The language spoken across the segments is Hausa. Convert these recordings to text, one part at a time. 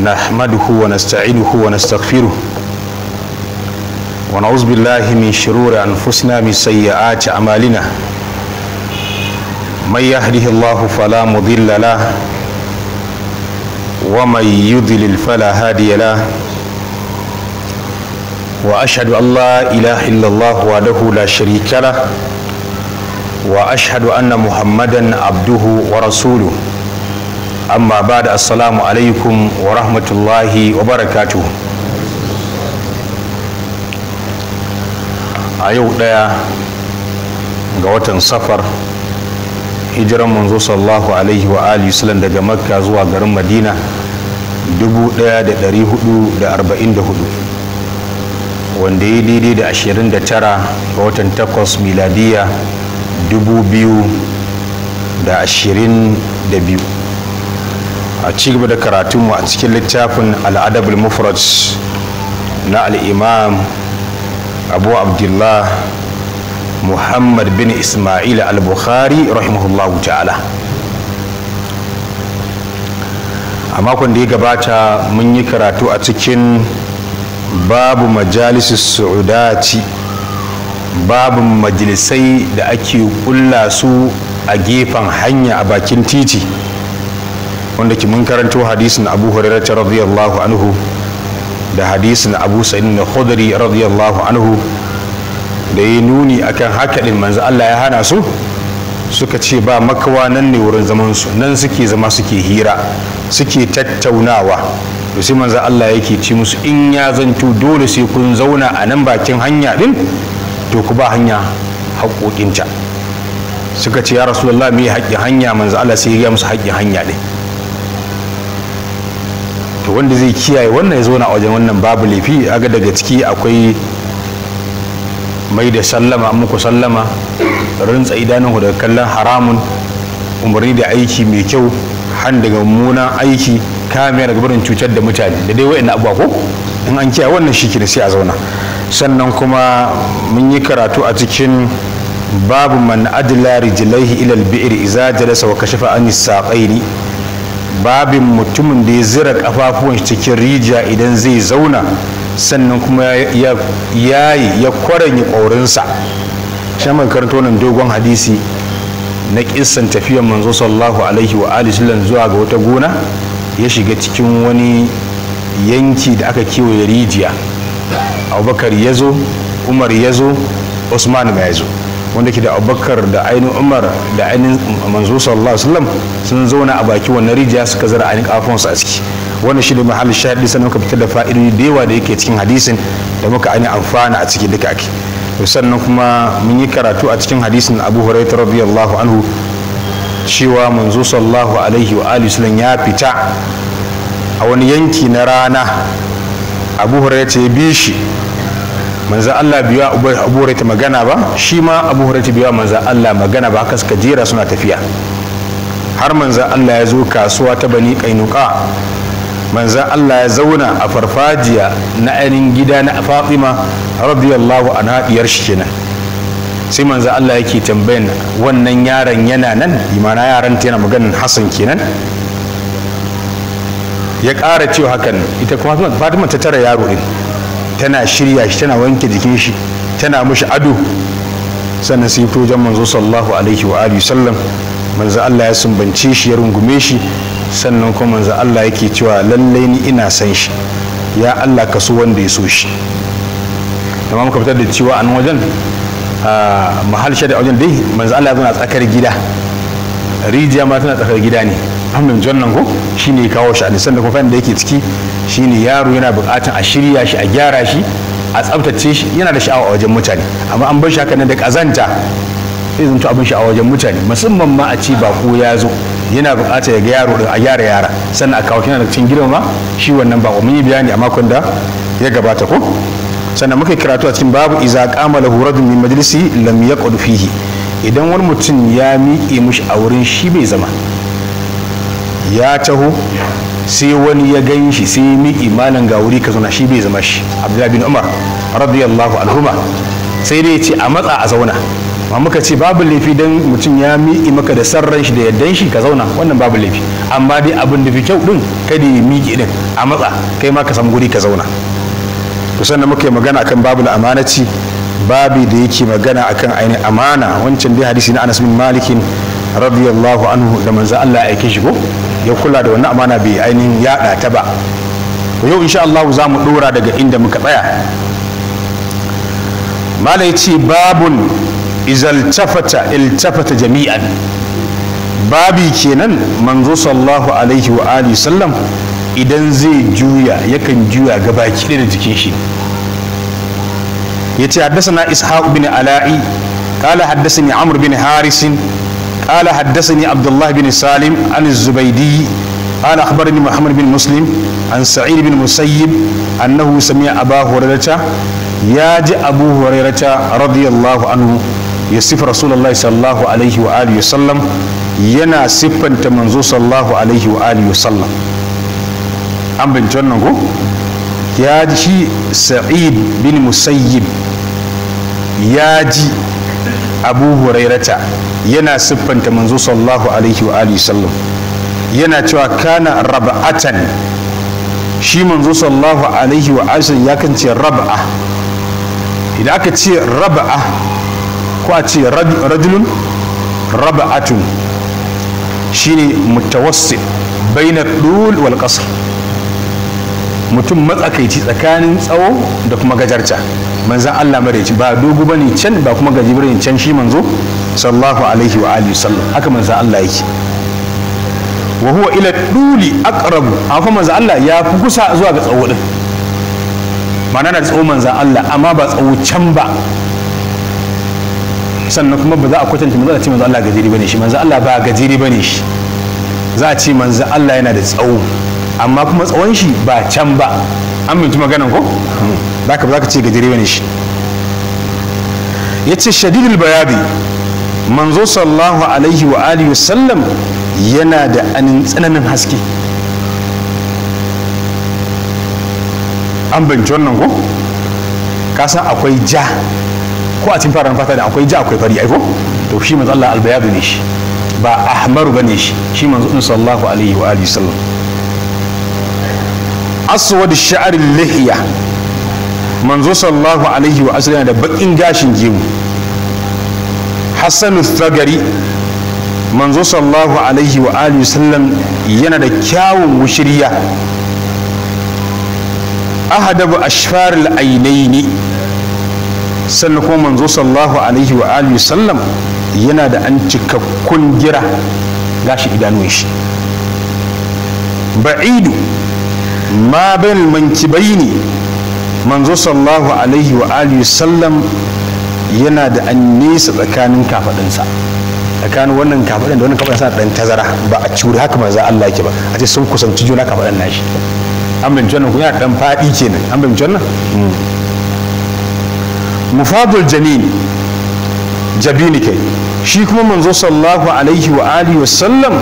نحمده ونستعينه ونستغفره ونعوذ بالله من شرور أنفسنا من سيئات أعمالنا من يهده الله فلا مضل له ومن يضلل فلا هادي له وأشهد أن لا إله إلا الله وحده لا شريك له وأشهد أن محمدا عبده ورسوله amma ba da assalamu alaikum wa rahmatullahi wa barakatu a yau daya ga watan safar hijiran manzo sallahu alaihi wa alihi sallam daga makka zuwa garin madina 1444 wanda ya yi daidai da 29 ga watan takwas miladiya 2022 a cigaba gaba da karatunmu a cikin littafin al'adabul mufrad na al'imam abu abdullah muhammad bin ismail al-bukhari rahimahullahu ta'ala a makon da ya gabata mun yi karatu a cikin babu majalisus su'udati babu majalisai da ake kulla su a gefen hanya a bakin titi wanda ki mun karanto hadisin abu hurairah radiyallahu anhu da hadisin abu sa'id na khudri radiyallahu anhu da ya nuni akan haka din manzo Allah ya hana su suka ce ba makawa nan ne wurin zaman su nan suke zama suke hira suke tattaunawa to sai manzo Allah yake ci musu in ya zanto dole sai kun zauna a nan bakin hanya din to ku ba hanya haƙoƙinta suka ce ya rasulullah me haƙƙin hanya manzo Allah sai ya ga musu haƙƙin hanya din wanda zai kiyaye wannan ya zauna a wajen wannan babu laifi aga daga ciki akwai mai da sallama muku sallama rintsa ku daga kallon haramun umarni da aiki mai kyau han daga mummunan aiki kamiyar daga barin cutar da mutane da dai wa'in abuwa ko in an kiyaye wannan shi sai a zauna sannan kuma mun yi karatu a cikin babu man adla rijlaihi ila al-bi'r jalasa wa kashafa an saqaini babin mutumin da ya zira kafafuwan cikin rijiya idan zai zauna sannan kuma ya yayi ya kwaranye ƙaurinsa shan man karanta nan dogon hadisi na kissan tafiyar manzo sallallahu alaihi wa alihi zuwa ga wata gona ya shiga cikin wani yanki da aka kewaye rijiya abubakar ya zo umar ya zo usman ma ya zo wanda ke da abubakar da ainihin umar da ainihin manzo sallallahu alaihi wasallam sun zauna a baki wannan rijiya suka zara ainihin kafonsu a ciki wannan shi ne mahallin shahadi sannan muka fitar da fa'idodi da yawa da yake cikin hadisin da muka ainihin amfana a ciki duka ake sannan kuma mun yi karatu a cikin hadisin abu hurairah radiyallahu anhu cewa manzo sallallahu alaihi wa ya fita a wani yanki na rana abu hurairah ya bi shi manzan Allah biya Abu Hurairah magana ba shi ma Abu Hurairah biya manzan Allah magana ba haka suka jera suna tafiya har manzan Allah ya zo kasuwa ta Bani Qainuqa manzan Allah ya zauna a farfajiya na ainihin gida na Fatima radiyallahu anha diyar shi kenan sai manzan Allah yake tambayan wannan yaran yana nan imana yaran ta yana maganin Hassan kenan ya ƙara cewa hakan ita kuma Fatima ta tara yaro din tana shirya shi tana wanke jikin shi tana mushi ado sannan sai fito wajen manzo sallallahu alaihi wa alihi sallam manzo Allah ya sumbance shi ya rungume shi sannan kuma manzo Allah yake cewa lallai ni ina san shi ya Allah ka so wanda ya so shi amma muka fitar da cewa an wajen wajen mahal shari'a wajen dai manzo Allah ya tsakar gida rijiya ma tana tsakar gida ne amin jannan ko shine ya kawo shi a nisan da kuma da yake ciki Shi ne yaro yana buƙatar a shirya shi a gyara shi a tsabtace shi yana da sha'awa a wajen mutane amma an bar shi haka nan da kazanta zai zanto abin sha'awa wajen mutane musamman ma a ci ko ya zo yana buƙatar ya ga yaro a gyara yara sannan a kawo kina da cikin girma shi wannan ba mun yi bayani a makon da ya gabata ko sannan muka karatu a cikin babu iza kamala lahu rajulun min majlisi lam yaqud fihi idan wani mutum ya miƙe mushi a wurin shi bai zama ya taho sai wani ya gan shi sai ya miƙi ga wuri ka zauna shi bai zama shi abdullahi bin umar radiyallahu anhuma sai dai ce a matsa a zauna ma muka ce babu laifi dan mutum ya miƙi maka da sarran shi da yaddan shi ka zauna wannan babu laifi amma dai abin da fi kyau din kada ya miƙi din a matsa kai ma ka samu guri ka zauna to sannan muka yi magana akan babu amanaci babi da yake magana akan ainihin amana wancan dai hadisi na Anas bin Malikin radiyallahu anhu da manzo Allah ya aike shi ko ya kula da wani amana bai ainihin yaɗa ta ba to yau insha Allah za mu ɗora daga inda muka tsaya mala ya ce babun izaltafata iltafata jami'an babi kenan manzo sallallahu alaihi wa alihi sallam idan zai juya yakan juya ga baki da jikin shi yace ce haddasa na ishaq bin ala'i haddasa ni amr bin Harisin. قال حدثني عبد الله بن سالم عن الزبيدي قال أخبرني محمد بن مسلم عن سعيد بن مسيب أنه سمع أبا هريرة ياج أبو هريرة رضي الله عنه يصف رسول الله صلى الله عليه وآله وسلم ينا سفن تمنزو صلى الله عليه وآله وسلم أم بن جنة ياج سعيد بن مسيب ياجي abu hurairata yana siffanta manzo sallallahu alaihi wa alihi sallam yana cewa kana rab'atan shi manzo sallallahu alaihi wa alihi ya kan rab'a idan aka ce rab'a ko a ce rajulun rab'atun shine mutawassit bainar dul wal qasr mutum matsakaici tsakanin tsawo da kuma gajarta manzan Allah maraici ba dogo bane can ba kuma gaji bane can shi manzo sallallahu alaihi wa alihi sallam haka manzan Allah yake wa huwa ila duli aqrab amma manzan Allah ya fi kusa zuwa ga tsawo din ma'ana na tsawo manzan Allah amma ba tsawo can ba sannan kuma ba za a kwatanta manzo Allah ce manzo Allah gajeri bane shi manzo Allah ba gajeri bane shi za a ce manzo Allah yana da tsawo amma kuma tsawon shi ba can ba an mintu maganan ko Zaka ka ba ka ce gajere bane shi ya ce shadidul bayadi manzo sallallahu alaihi wa alihi wasallam yana da anin tsananin haske an banci wannan ko ka san akwai ja ko a cikin faran fata da akwai ja akwai fari aiko to shi manzo Allah albayadu ne shi ba ahmar bane shi shi manzo sallallahu alaihi wa alihi wasallam aswad sha'ar lihiya manzo sallallahu alaihi wa asali da bakin gashin gemu hassan thagari manzo sallallahu alaihi wa alihi sallam yana da kyawun wushiriya ahadabu ashfar al-ainaini sannan kuma manzo sallallahu alaihi wa alihi sallam yana da an cikakkun gira gashi idanuwan shi ba'idu ma bain mankibaini manzo sallallahu alaihi wa alihi sallam yana da an nesa tsakanin kafadinsa tsakanin wannan kafadin da wannan kafadin sa dan tazara ba a ciwuri haka manzo Allah yake ba a ce sun kusanci juna kafadin nashi an bin jannan kuma dan fadi kenan an bin jannan hmm. mufadul janin jabini kai shi kuma manzo sallallahu alaihi wa alihi wa sallam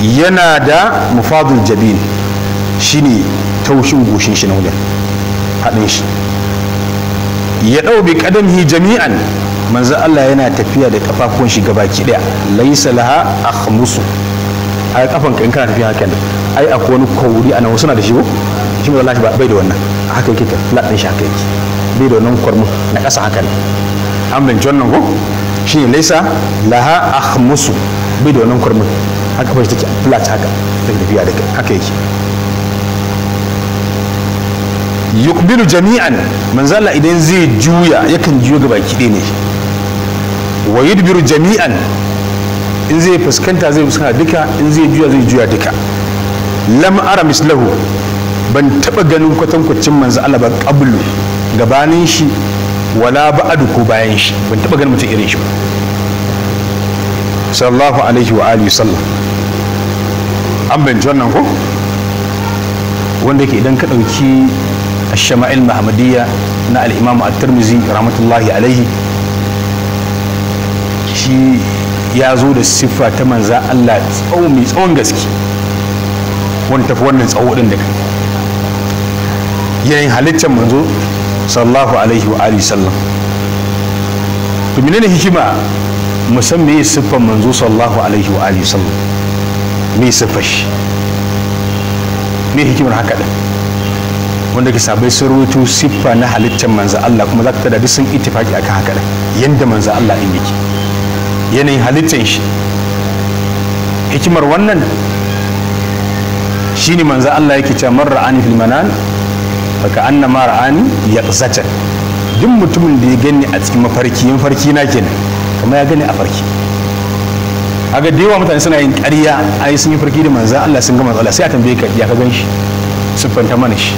yana da mufadul jabin shine taushin goshin shi na wajen haɗin shi ya ɗau bi ƙadamhi jami'an manzo Allah yana tafiya da ƙafafun shi gabaki ɗaya laisa laha a ai kafan ka in kana tafiya haka ne ai akwai wani kauri nan wasu na da shi ko shi wallahi ba bai da wannan haka yake ka ladin shi haka yake bai da wannan kwarmu na ƙasa haka ne an bin jonnan ko shi ne laisa laha akhmusu bai da wannan kwarmu haka ba shi take flat haka take tafiya da haka yake yukbilu jami'an manzala idan zai juya yakan juya ga baki ɗaya ne wa yudbiru jami'an in zai fuskanta zai fuskanta duka in zai juya zai juya duka lam ara mislahu ban taba ganin kwatankwacin manzo Allah ba qablu gabanin shi wala ba'adu ko bayan shi ban taba ganin mutum irin shi ba sallallahu alaihi wa alihi sallam an bayyana wannan ko wanda ke idan ka ɗauki الشمائل المحمدية نا الإمام الترمذي رحمة الله عليه شي ya zo da siffa ta manza Allah tsawo mai tsawon gaske wani tafi wannan tsawo din da kai halittar manzo sallallahu alaihi wa sallam to hikima musamman yi siffar manzo sallallahu alaihi wa sallam me siffar shi me hikimar haka da. wanda ke sabai sun rubutu siffa na halittar manzo Allah kuma ka tada sun ittifaki akan haka da yadda manzo Allah din yake yanayin halittar shi hikimar wannan shine manzo Allah yake cewa man ra'ani fil manan fa ka anna ma ra'ani yaqzatan duk mutumin da ya gani a cikin mafarki yin farki na kenan kuma ya gani a farki a da yawa mutane suna yin ƙarya yi sun yi farki da manzo Allah sun ga manzo Allah sai a tambaye ka ya ka gan shi siffanta mana shi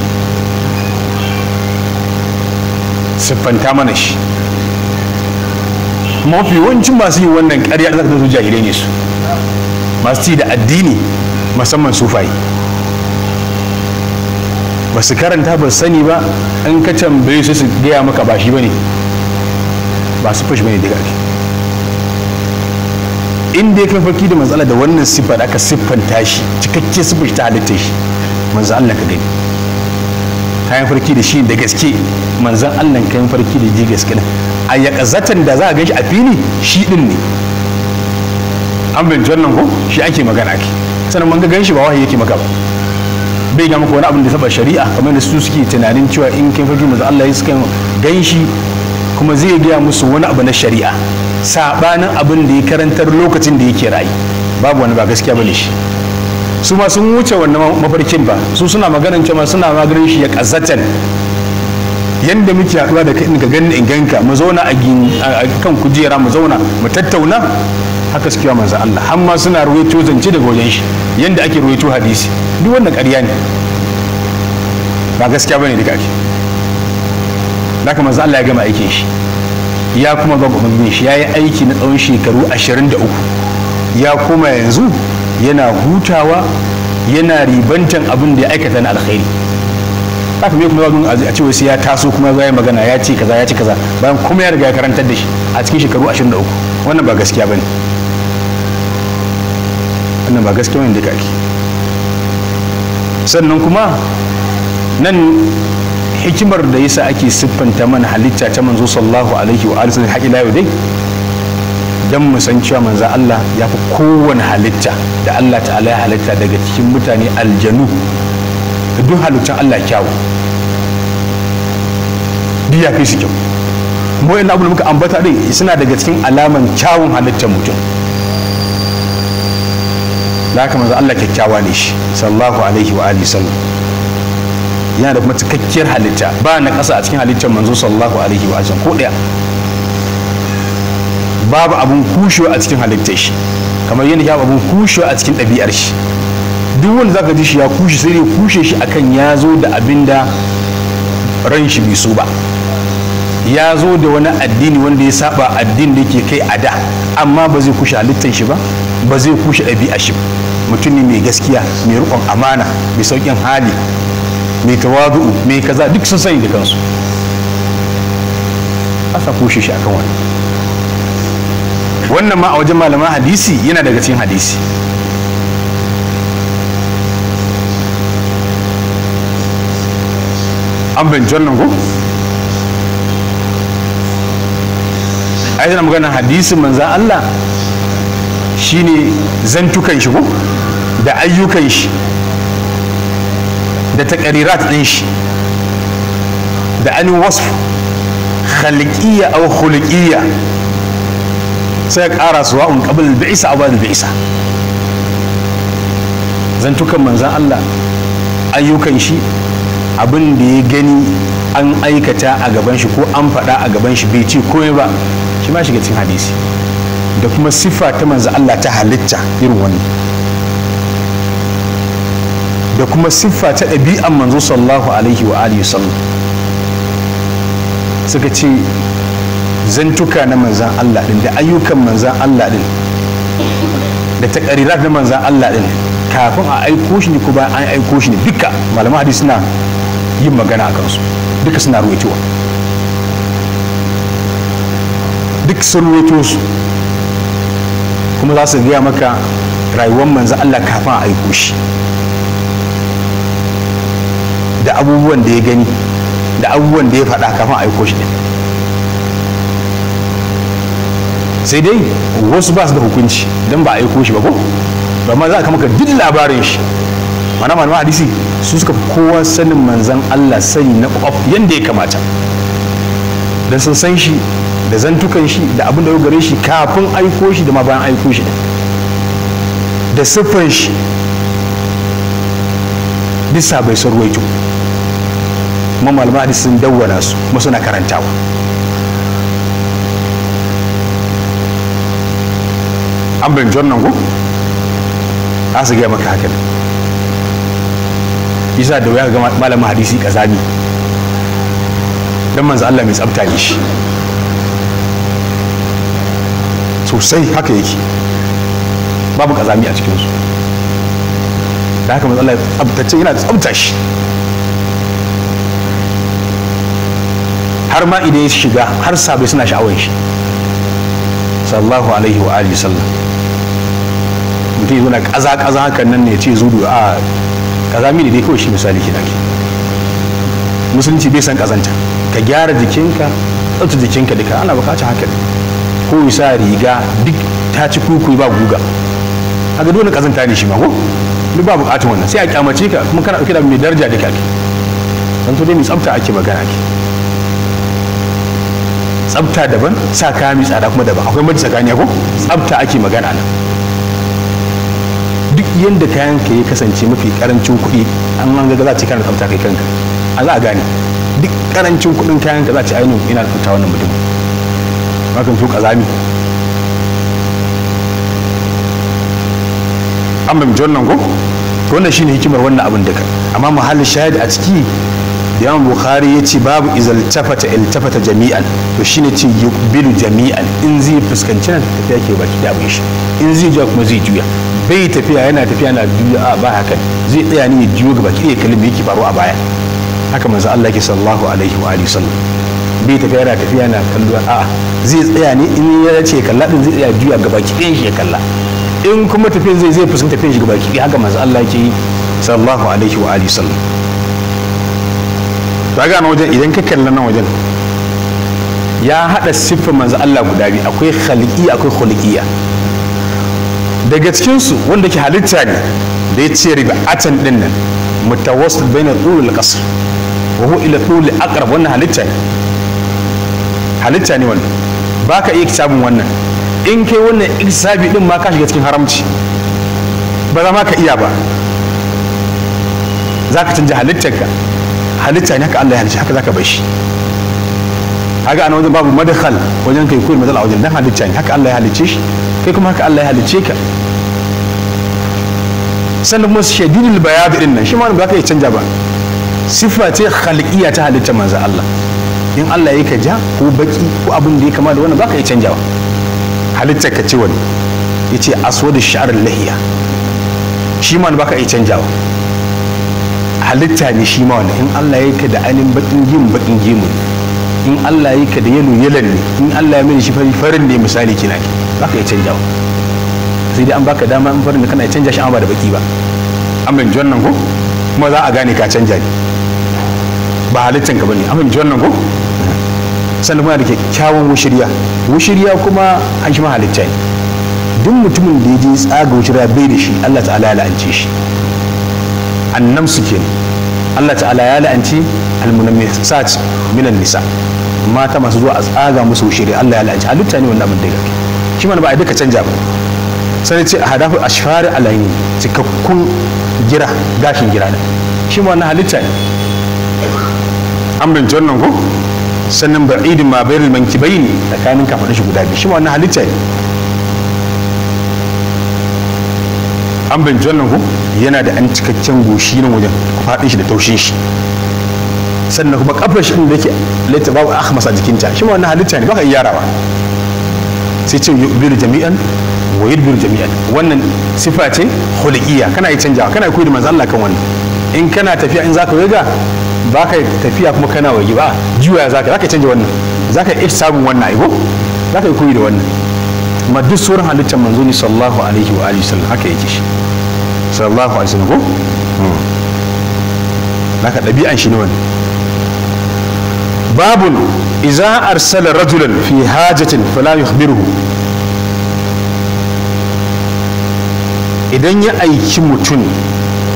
siffanta mana shi mafi yawancin masu yin wannan ƙarya za ka zo jahilai ne su masu ci da addini musamman sufai ba su karanta ba sani ba in ka tambaye su su gaya maka ba shi ba ne ba su fashi ba ne daga in dai ka farki da matsala da wannan siffar aka siffanta shi cikakke siffar ta halitta shi manzo Allah ka gani kayan farki da shi da gaske manzan Allah kayan farki da ji gaske a yakazatan da za a gashi a fili shi din ne an bin wannan ko shi ake magana ake sannan manga ga ganshi ba wahayi yake maka ba bai ga maka wani abin da saba shari'a kamar da su suke tunanin cewa in kayan farki manzan Allah ya suka ganshi kuma zai gaya musu wani abu na shari'a sabanin abin da ya karantar lokacin da yake rayu babu wani ba gaskiya bane shi su ma sun wuce wannan mafarkin ba su suna maganin cewa suna maganin shi ya kazatan yadda muke haɗuwa da kai ga ganin in mu zauna a kan kujera mu zauna mu tattauna haka suke wa manzo Allah har ma suna ruwaito zance daga wajen shi yadda ake ruwaito hadisi duk wannan ƙarya ne ba gaskiya bane duka ake haka manzo Allah ya gama aikin shi ya kuma ga gwamnati shi ya yi aiki na tsawon shekaru 23 ya koma yanzu yana hutawa yana ribantan abin da ya aikata na alkhairi haka me kuma a ce sai ya taso kuma ya magana ya ce kaza ya ce kaza bayan kuma ya riga ya karantar da shi a cikin shekaru 23 wannan ba gaskiya bane wannan ba gaskiya bane da ake sannan kuma nan hikimar da yasa ake siffanta mana halitta ta manzo sallallahu alaihi wa alihi haƙi layo dai don mu san cewa manzan Allah ya fi kowane halitta da Allah ta'ala ya halitta daga cikin mutane aljanu da duk halittun Allah kyawu duk ya fi su kyau mu yana abu da muka ambata dai suna daga cikin alaman kyawun halittar mutum da haka manzan Allah kyakkyawa ne shi sallallahu alaihi wa alihi sallam yana da kuma cikakkiyar halitta ba na ƙasa a cikin halittar manzo sallallahu alaihi wa ko ɗaya babu abun kushewa a cikin halittar shi kamar yadda ya abun kushewa a cikin ɗabi'ar shi duk wanda zaka ji shi ya kushe sai dai kushe shi akan ya zo da abin da ran shi bai so ba ya zo da wani addini wanda ya saba addini da ke kai a da amma ba zai kushe halittar shi ba ba zai kushe ɗabi'a shi mutum ne mai gaskiya mai riƙon amana mai sauƙin hali mai tawadu'u mai kaza duk sun sani da kansu asa kushe shi akan wani wannan ma a wajen malaman hadisi yana daga cikin hadisi an bin wannan ko ai tana maganar hadisin manzan Allah shine zantukan shi ko da ayyukan shi da takarirat ɗin shi da anin wasu khaliqiyya au khuluqiyya sai ya ƙara suwa'un qabl al-bi'sa a ba'da biisa zan zantukan manzan Allah ayyukan shi abin da ya gani an aikata a gaban shi ko an faɗa a gaban shi bai ce komai ba shi ma shiga cikin hadisi da kuma siffa ta manzan Allah ta halitta irin wani da kuma siffa ta ɗabi'an manzo sallallahu alaihi wa alihi sallam suka ce zantuka na manzan Allah din da ayyukan manzan Allah din da takarirar na manzan Allah din kafin a aiko shi ne ko bayan an aiko shi ne duka malaman hadisi suna yin magana a kansu duka suna ruwaitowa duk sun ruwaito su kuma za su gaya maka rayuwar manzan Allah kafin a aiko shi da abubuwan da ya gani da abubuwan da ya faɗa kafin a aiko shi ne sai dai wasu ba su da hukunci don ba a aiko shi ba ko ba ma za a kama ka duk labarin shi mana mana hadisi su suka kowa sanin manzan Allah sani na kwaf yadda ya kamata don sun san shi da zantukan shi da abin da ya gare shi kafin aiko shi da ma bayan aiko shi da siffan shi bisa bai sarwaito kuma malama hadisi sun dawwana su kuma suna karantawa an bayanci wannan ku za su gaya maka haka isa da wuya ga malamin hadisi kazami dan manzo Allah mai tsafta ne shi sosai haka yake babu kazami a cikinsu da haka manzo Allah tsabtace yana tsabta shi har ma idan ya shiga har sabai suna sha'awar shi sallallahu alaihi wa alihi sallam mutum yana kaza kaza hakan nan ne ya ce zudu a kaza mini dai kawai shi misali ke nake musulunci bai san kazanta ka gyara jikinka tsafta jikinka duka ana bukatar haka ko sa riga duk ta ci kuku ba guga kaga dole kazanta ne shi ma ko duk ba bukatun wannan sai a kyamace ka kuma kana dauke da mai daraja duka ke san to dai mai tsafta ake magana ke tsafta daban sa kami tsada kuma daban akwai mace tsakaniya ko tsafta ake magana nan yadda kayan ka ya kasance mafi karancin kuɗi an an ga za ci kana kamta kai kanka a za a gane duk karancin kuɗin kayan ka za ci ainihin ina da kamta wannan mutum kan to ƙazami. an bai mutum nan ko wannan shine hikimar wannan abin duka amma muhallin shahid a ciki yawan bukhari ya ce babu izal tafata il tafata jami'an to shine ce yuqbilu jami'an in zai fuskanci na tafiya ke baki da shi in zai juya kuma zai juya bai tafiya yana tafiya na biyu a ba haka zai tsaya ne ya jiyo gaba ki iya kalin yake faru a baya haka manzo Allah ke sallallahu alaihi wa alihi sallam bai tafiya yana tafiya na kallo a zai tsaya ne in ya ce kalla din zai tsaya juya gaba ki ɗayan shi ya kalla in kuma tafiyan zai zai fuskanta tafiyan shi gaba ki haka manzo Allah ke sallallahu alaihi wa alihi sallam daga na wajen idan ka kalla nan wajen ya hada siffar manzo Allah guda biyu akwai khaliqiyya akwai khuluqiyya daga cikinsu wanda ke halitta ne da ya ce riba'atan din nan mutawassil bayna tulul qasr wa huwa ila tulul aqrab wannan halitta ne halitta ne wannan baka iya kitabun wannan in kai wannan iktisabi din ma ka shiga cikin haramci ba za ma ka iya ba za ka canja ka halitta ne haka Allah ya halicci haka za ka bai shi haka ana wajen babu madakhal wajen kai kuwa madal a wajen dan halitta ne haka Allah ya halicce shi kai kuma haka Allah ya halicce ka sannan kuma shadidul bayadu din nan shi ma ba ka iya canja ba siffa ce khalqiyya ta halitta manzo Allah in Allah ya ka ja ko baki ko abin da ya kama da wannan ba ka iya ba halitta ka ce wani yace aswadu sha'ar lahiya shi ma ba ka iya ba halitta ne shi ma wannan in Allah ya ka da anin bakin gemu bakin gemu in Allah ya ka da yalo yalo ne in Allah ya mini shi farin ne misali kina ba ka iya ba sai dai an baka dama in farin da kana canja shi amma ba da baki ba amin bin wannan ko kuma za a gane ka canja ne ba halittan ka bane amin bin wannan ko sannan muna da kyakkyawan wushiriya wushiriya kuma an shi halitta ne duk mutumin da ya je tsaga wushiriya bai da shi Allah ta'ala ya la'ance shi annamsu kenan Allah ta'ala ya la'anci almunammisat minan nisa mata masu zuwa a tsaga musu shiri Allah ya la'anci halitta ne wannan abin da yake shi mana ba a duka canja ba sai ce a hadafu ashfari alaini cikakkun gira gashin gira da shi ma wani halitta ne an binci wannan ko sannan ba idin ma bayrul mankibai ne tsakanin da shi guda biyu shi ma wani halitta ne an binci wannan ko yana da an cikakken goshi nan wajen faɗin shi da taushin shi sannan kuma kafar shi da yake laita babu aka masa jikinta shi ma wani halitta ne baka yi yarawa sai ce da jami'an wa yudbir jami'an wannan sifa ce hulqiya kana yi canjawa kana koyi da manzo Allah kan wannan in kana tafiya in zaka ba baka tafiya kuma kana wagi ba juya zaka zaka canja wannan zaka yi sabon wannan aibo zaka yi koyi da wannan ma duk sauran halittar manzo ne sallallahu alaihi wa alihi sallam haka yake shi sallallahu alaihi sallam ko zaka hmm. dabi'an shi ne wannan babun idza arsala rajulan fi hajatin fala yukhbiruhu idan ya aiki mutum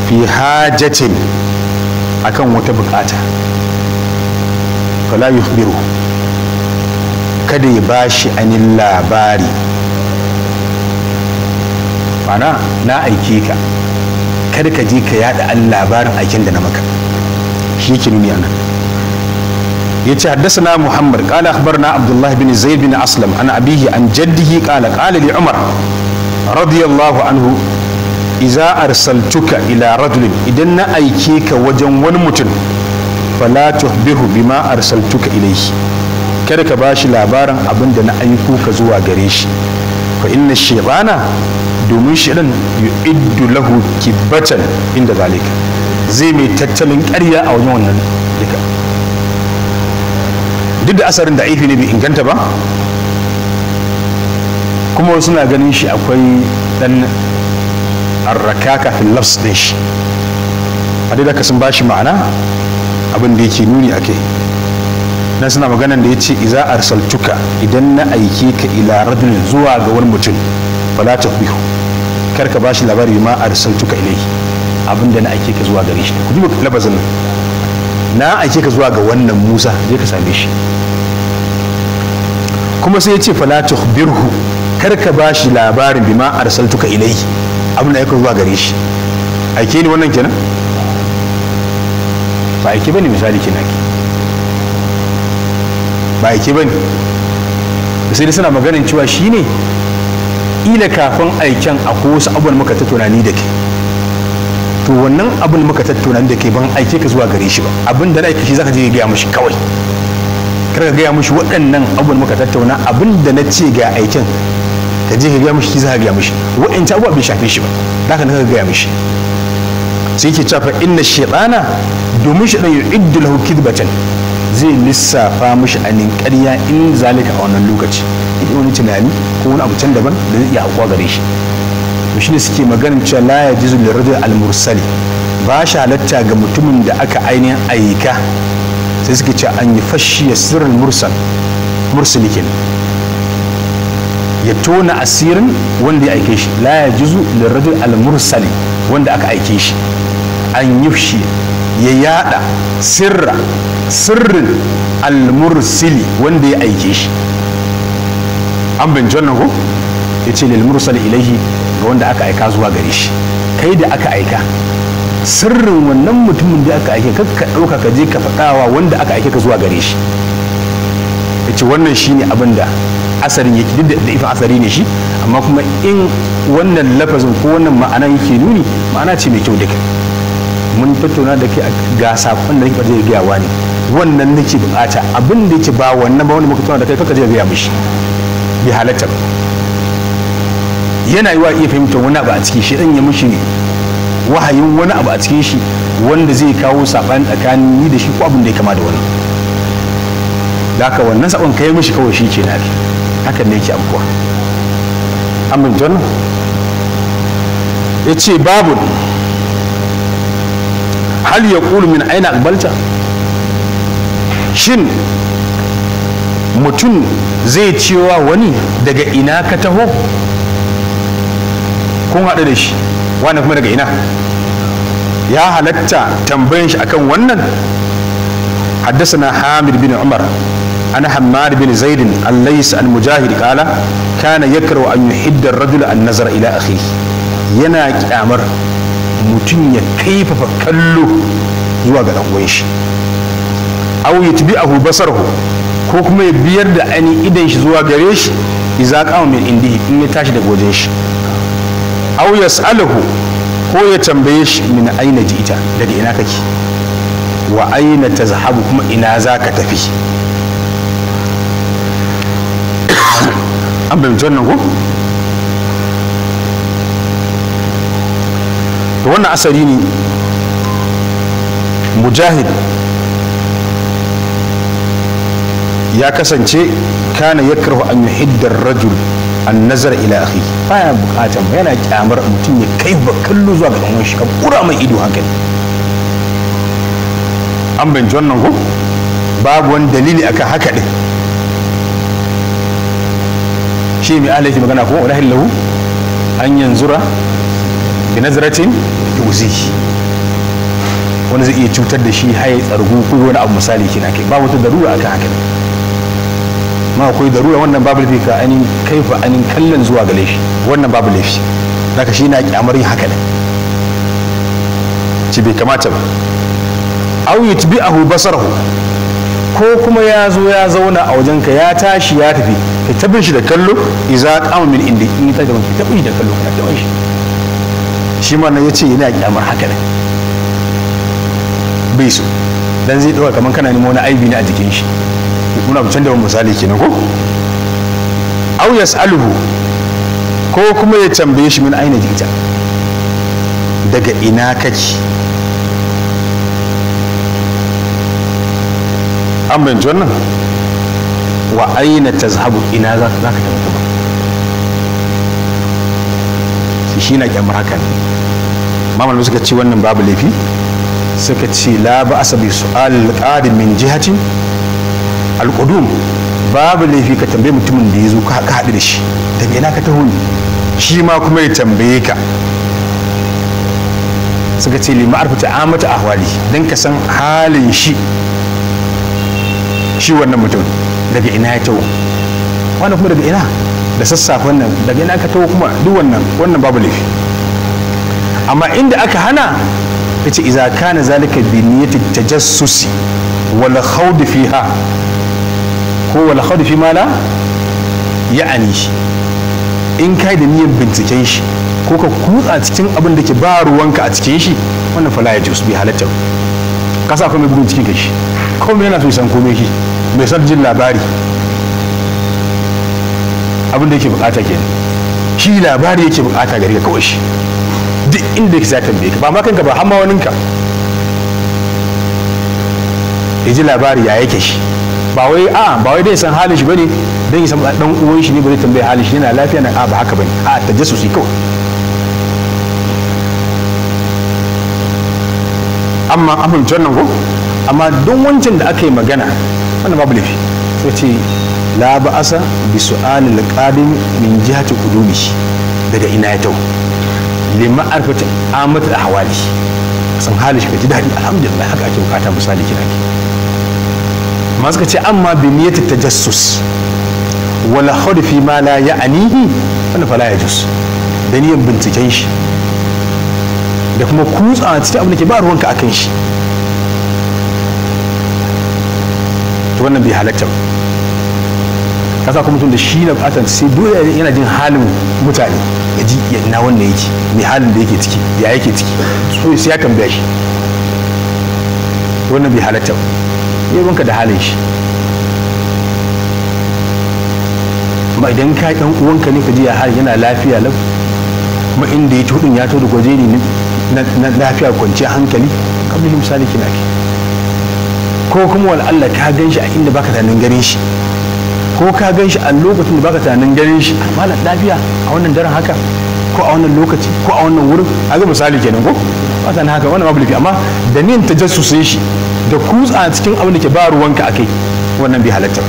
fi hajatin akan wata bukata fala biro kada ya bashi anin labari mana na aike ka kada ka je ka yada an labarin aikin da na maka shi yake nuni anan na haddathana muhammad qala na Abdullahi bin zaid bin aslam an abihi an jaddihi qala qala li umar radiyallahu anhu iza arsaltuka ila rajulin idan na aike ka wajen wani mutum fala tuhbihu bima arsaltuka ilayhi kada ka bashi labarin abin da na aiko ka zuwa gare shi fa inna shaytana domin shaytan yu'iddu lahu kibatan inda zalika zai mai tattalin ƙarya a wajen wannan duka duk da asarin da aifi ne bai inganta ba kuma suna ganin shi akwai dan arrakaka fil lafs din shi a daga sun ba shi ma'ana abin da yake nuni akai na suna maganan da ya ce iza arsaltuka idan na aike ka ila rajulin zuwa ga wani mutum fala biyu kar ka shi labari ma arsaltuka ilayhi abin da na aike ka zuwa gare shi ku duba labazin nan na aike ka zuwa ga wannan Musa je ka same shi kuma sai ya ce fala biyu kar ka bashi labarin bima arsaltuka ilai. abin da ya zuwa gare shi aike ne wannan kenan ba aike bane misali kenan ke ba aike bane sai dai suna maganin cewa shi ne ila kafin aiken akwai wasu abubuwan muka tattauna ni da ke to wannan abin muka tattauna da ke ban aike ka zuwa gare shi ba abin da na aike shi zaka je gaya mashi kawai kar ka gaya mashi waɗannan abin muka tattauna abin da na ce ga aiken ka je ka gaya mishi shi za ka gaya mishi wa'ancan abubuwa bai shafe shi ba da ka ka gaya mishi sai ke cewa inna shaytana domin shi dan yu'iddu lahu kidbatan zai lissafa mishi a ninkariya in zalika a wannan lokaci in wani tunani ko wani abu can daban da zai iya hakuwa gare shi to shine suke maganin cewa la jizu lirrajul al-mursali ba shi halatta ga mutumin da aka ainihin aika sai suke cewa an yi fashi sirrin mursal mursali kenan ya tona asirin wanda ya aike shi la ya juzu lirrajul al-mursali wanda aka aike shi an yufshi ya yada sirra sirrin al-mursili wanda ya aike shi an binci wannan ko ya ce lil mursali ilaihi ga wanda aka aika zuwa gare shi kai da aka aika sirrin wannan mutumin da aka aike ka ɗauka ka je ka faɗawa wanda aka aike ka zuwa gare shi ya ce wannan shine abin da asarin yake duk da ifin asari ne shi amma kuma in wannan lafazin ko wannan ma'ana yake nuni ma'ana ce mai kyau da kai mun tattauna da kai ga sakon da kake zai gaya wani wannan nake bukata abin da yake ba wannan ba wanda muka tattauna da kai kaka zai gaya mishi bi halatta yana yi wa iya fahimtar wani abu a cikin shi dan ya mishi wahayin wani abu a cikin shi wanda zai kawo saɓani tsakanin ni da shi ko abin da ya kama da wani da haka wannan saƙon kai mishi kawai shi ke na haka ne yake amkuwa amin jannu ya ce babu hal ya min aina akbalta shin mutum zai cewa wani daga ina ka taho kun haɗu da shi wani kuma daga ina ya halatta tambayin shi akan wannan haddasa na hamid bin umar عن حماد بن زيد الليس المجاهد قال كان يكره أن يحد الرجل النظر إلى أخيه yana kyamar mutum ya kaifafa kallo zuwa ga ɗan shi au ya tabi ahu basarhu ko kuma ya biyar da ani idan shi zuwa gare shi iza kama min indihi in ya tashi daga wajen shi au ya sa'alahu ko ya tambaye shi min aina ji ita daga ina kake wa aina ta zahabu kuma ina za ka tafi an fahimci wannan ko to wannan asali ne mujahid ya kasance kana yakrahu an yuhiddar rajul an nazar ila akhi baya bukatan yana kyamar mutum ya kai ba kallo zuwa ga dan shi ka kura mai ido haka an bincin wannan ko babu wani dalili akan haka din shi mai ala yake magana ko rahil lahu an yanzura bi nazratin yuzihi wani zai iya cutar da shi haye tsargu ko wani abu misali kina kai ba wata darura akan haka ma akwai darura wannan babu laifi ka anin kaifa anin kallon zuwa gare shi wannan babu laifi ka shi na kyamar yin haka ne ci bai kamata ba au yutbi'ahu basarahu ko kuma ya zo ya zauna a wajenka ya tashi ya tafi ka tabin shi da kallo iza kama min inda in ta gaban ka tabin shi da kallo ka tabin shi shi ma nan yace yana kyamar haka ne bai so dan zai dauka kaman kana nemo wani aibi ne a jikin shi muna can da misali kenan ko aw yas'aluhu ko kuma ya tambaye shi min aina jikita daga ina kake an bayanci wannan wa aina ta zahabu ina za ka tafi ba shi na kyamar haka ne mamalin suka ce wannan babu laifi suka ce la ba asa bi su'al qadi min jihati al babu laifi ka tambaye mutumin da ya zo ka haɗu da shi daga ina ka taho ne shi ma kuma ya tambaye ka suka ce lima arfa a ahwali don ka san halin shi shi wannan mutum daga ina ya tawo wani kuma daga ina da sassafen nan daga ina aka tawo kuma duk wannan wannan babu laifi amma inda aka hana ya ce iza kana zalika bi niyyati tajassusi wal khawd fiha ko wal khawd fi ma la ya'ani in kai da niyyar binciken shi ko ka kutsa cikin abin da ke ba ruwanka a cikin shi wannan fala ya su bi halatta kasa kuma bugun cikin shi komai yana so san komai shi mai son jin labari abin da yake bukata ke shi labari yake bukata gari ka kawai shi duk inda za ta ka ba ma kanka hama hamma ka ya ji labari ya yake shi ba wai a ba wai dai san halin shi bane dan yi san dan uwan shi ne ba zai tambaye halin shi yana lafiya nan a ba haka bane a ta tajassusi kawai amma abin wannan ko amma don wancan da aka yi magana wannan babu laifi sai ce la ba'asa bi su'alil qadim min jihati qudumihi daga ina ya tau lima arfata da hawali san halin shi ka ji daɗi alhamdulillah haka ake bukata misali kina ki amma suka ce amma bi niyyati tajassus wala khud fi ma la ya'nihi wala fala yajus da niyyar binciken shi da kuma kutsa cikin abin da ke ba ruwanka akan shi to wannan bai halatta ba kasa kuma tun da shi na bukatan sai dole yana jin halin mutane ya ji ya na wannan yake mai halin da yake ciki ya yake ciki so sai ya tambaya shi wannan bai halatta ba ya banka da halin shi ma idan ka ɗan uwanka ne ka ji ya hali yana lafiya lau kuma inda ya hudun ya da gwaje ne na lafiya kwanciya hankali kamar misali kina ke ko kuma wani Allah ka gan shi a inda baka tunanin ganin shi ko ka gan shi a lokacin da baka tunanin ganin shi amma da lafiya a wannan daren haka ko a wannan lokaci ko a wannan wurin a ga misali kenan ko ba ta haka wannan babu amma da nin tajassusin shi da kutsa a cikin abin da ke ba ruwanka a kai wannan bai halatta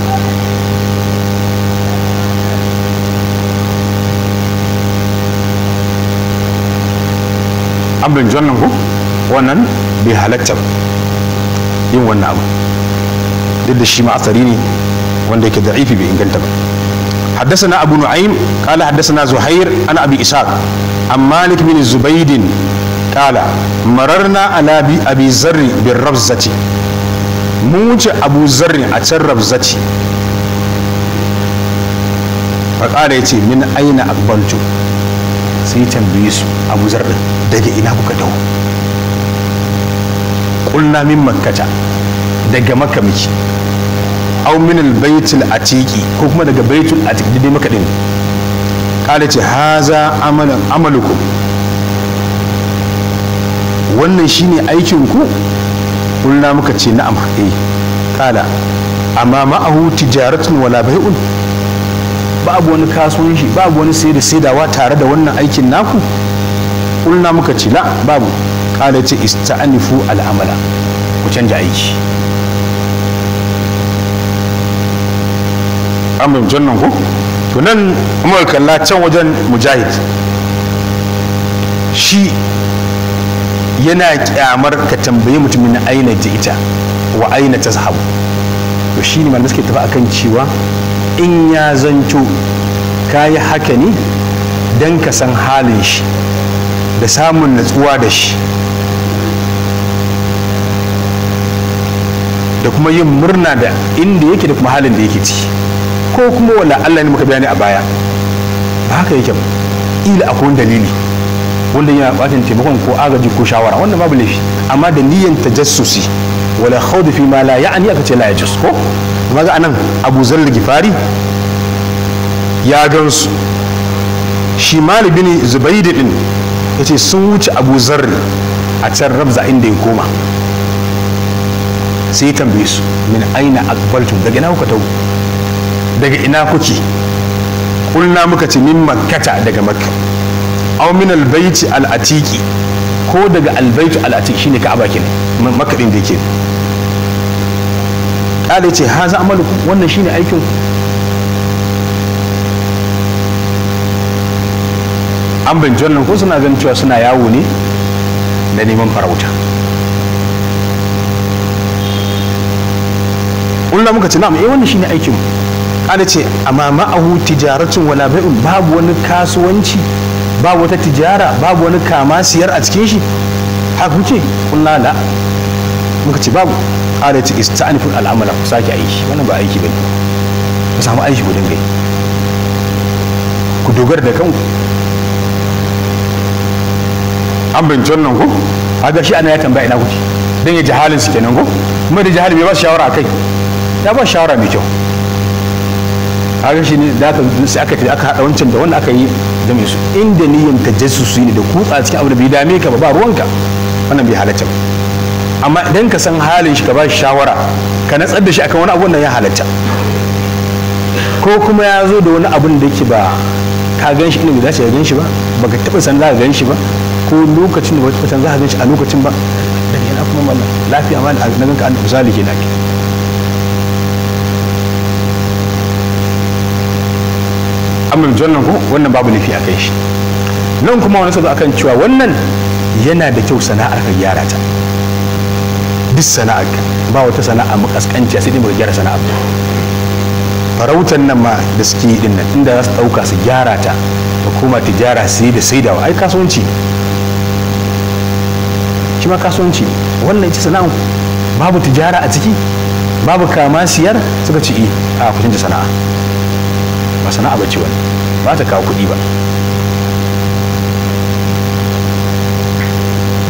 an jannan ko wannan bai halatta din wannan abu duk da shi ma'asari ne wanda yake da ifi bai inganta ba haddasana abu nu'aim kala haddasana zuhair an abi ishaq an malik bin zubaidin kala mararna ala bi abi zarri bin rafzati muce abu zarri a can rafzati fa kala ya ce min aina akbaltu sai tambayi su abu zarri daga ina kuka dawo Kulla min makkata daga maka miki aw min al baitul atiqi ko kuma daga baitul atiqi dai maka din kala ce haza amalan amalukum wannan shine aikin ku Kulla muka ce na'am eh kala amma ma'ahu tijaratun wala bai'un babu wani kasuwanci babu wani sai da saidawa tare da wannan aikin naku Kulla muka ce la babu kala ce ista'anifu al'amala ku canja aiki an mutum nan ku to nan umar kalla can wajen mujahid shi yana kyamar ka tambayi mutumin na aina ta ita wa aina ta zahabu to shi ne malamai suke tafi akan cewa in ya zanto ka yi haka ne don ka san halin shi da samun natsuwa da shi da kuma yin murna da inda yake da kuma halin da yake ci ko kuma wala Allah ne muka bayani a baya ba haka yake ba ila akwai dalili wanda yana batin taimakon ko agaji ko shawara wannan babu laifi amma da niyan tajassusi wala khawd fi ma la ya'ni aka ce la yajus ko kuma ga anan Abu Zar Gifari ya gansu shi Malik bin Zubayd din yace sun wuce Abu Zarr a can Rabza inda ya koma sai tambaye su min aina akbaltu daga ina kuka tawo daga ina kuke kulna muka ce min makkata daga makka aw min albayti alatiqi ko daga albaytu alatiq shine ka'aba abakin makka din da yake kada ce haza amalukum wannan shine aikin an bincin wannan ko suna ganin cewa suna yawo ne da neman farauta kullum muka ce na'am eh wannan shine aikin mu ana ce amma ma'ahu tijaratun wala bai'un babu wani kasuwanci babu wata tijara babu wani kama siyar a cikin shi haka kuke kullum la muka ce babu ala ce ista'niful al'amala ku sake aiki wannan ba aiki bane ku samu aiki ku dinga ku dogara da kanku an binci wannan ko a ga shi ana ya tambaya ina kuke dan ya jahalin su kenan ko kuma da jahali bai ba shawara a kai. ya ba shawara mai kyau kaga shi ne da aka sai aka tafi aka hada wancan da wanda aka yi da mai su inda niyyan ta jasusu ne da kutsa cikin abu da bai dame ka ba ba ruwanka wannan bai halatta ba amma idan ka san halin shi ka ba shi shawara ka natsar da shi akan wani abu wannan ya halatta ko kuma ya zo da wani abun da yake ba ka gan shi inda dace ka gan shi ba baka taba san za ka gan shi ba ko lokacin da taɓa san za ka gan shi a lokacin ba daga yana kuma mallam lafiya ma na ganka an misali ke. amrul jannan ko wannan babu nufi kai shi nan kuma wani sabo akan cewa wannan yana da kyau sana'ar ka gyara ta duk sana'ar ka ba wata sana'a makaskanci sai dai mu gyara sana'ar farautan nan ma da suke yi din nan inda za su dauka su gyara ta da kuma tijara sai da saidawa ai kasuwanci shi ma kasuwanci wannan ce sana'an babu tijara a ciki babu kama siyar suka ci eh, a da sana'a ba sana'a ba ce wani ba ta kawo kuɗi ba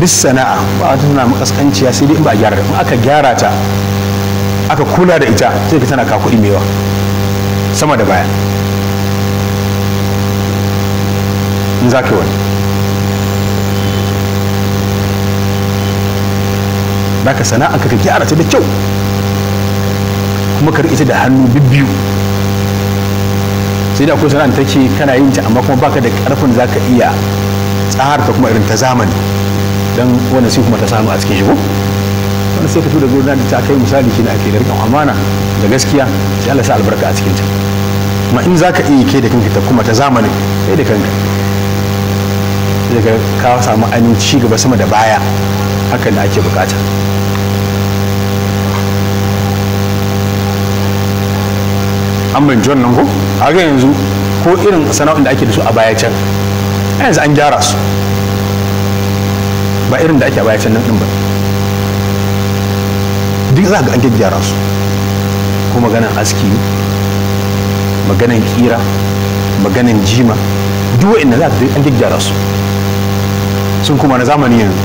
duk sana'a ba wata tana makaskanciya sai dai in ba a gyara da aka gyara ta aka kula da ita sai ka tana kawo kuɗi mai yawa sama da baya in za ka yi wani ka sana'a ka gyara ta da kyau kuma ka ita da hannu bibbiyu sai da kusa ran take kana yin ta amma kuma baka da karfin zaka iya tsahar ta kuma irin ta zamani dan wannan sai kuma ta samu a cikin shi ko wannan sai ka tura gona da ta kai misali kina ake da amana da gaskiya sai Allah sa albarka a cikin ta ma in zaka iya kai da kanka ta kuma ta zamani kai da kanka daga ka samu aminci gaba sama da baya hakan da ake bukata an John nan ko a ga yanzu ko irin sana'o'in da ake da su a baya can yanzu an gyara su ba irin da ake a baya can nan din ba duk za ga an gyara su ko maganan aski maganan kira maganan jima duk wa'in za ga an gyara su sun kuma na zamani yanzu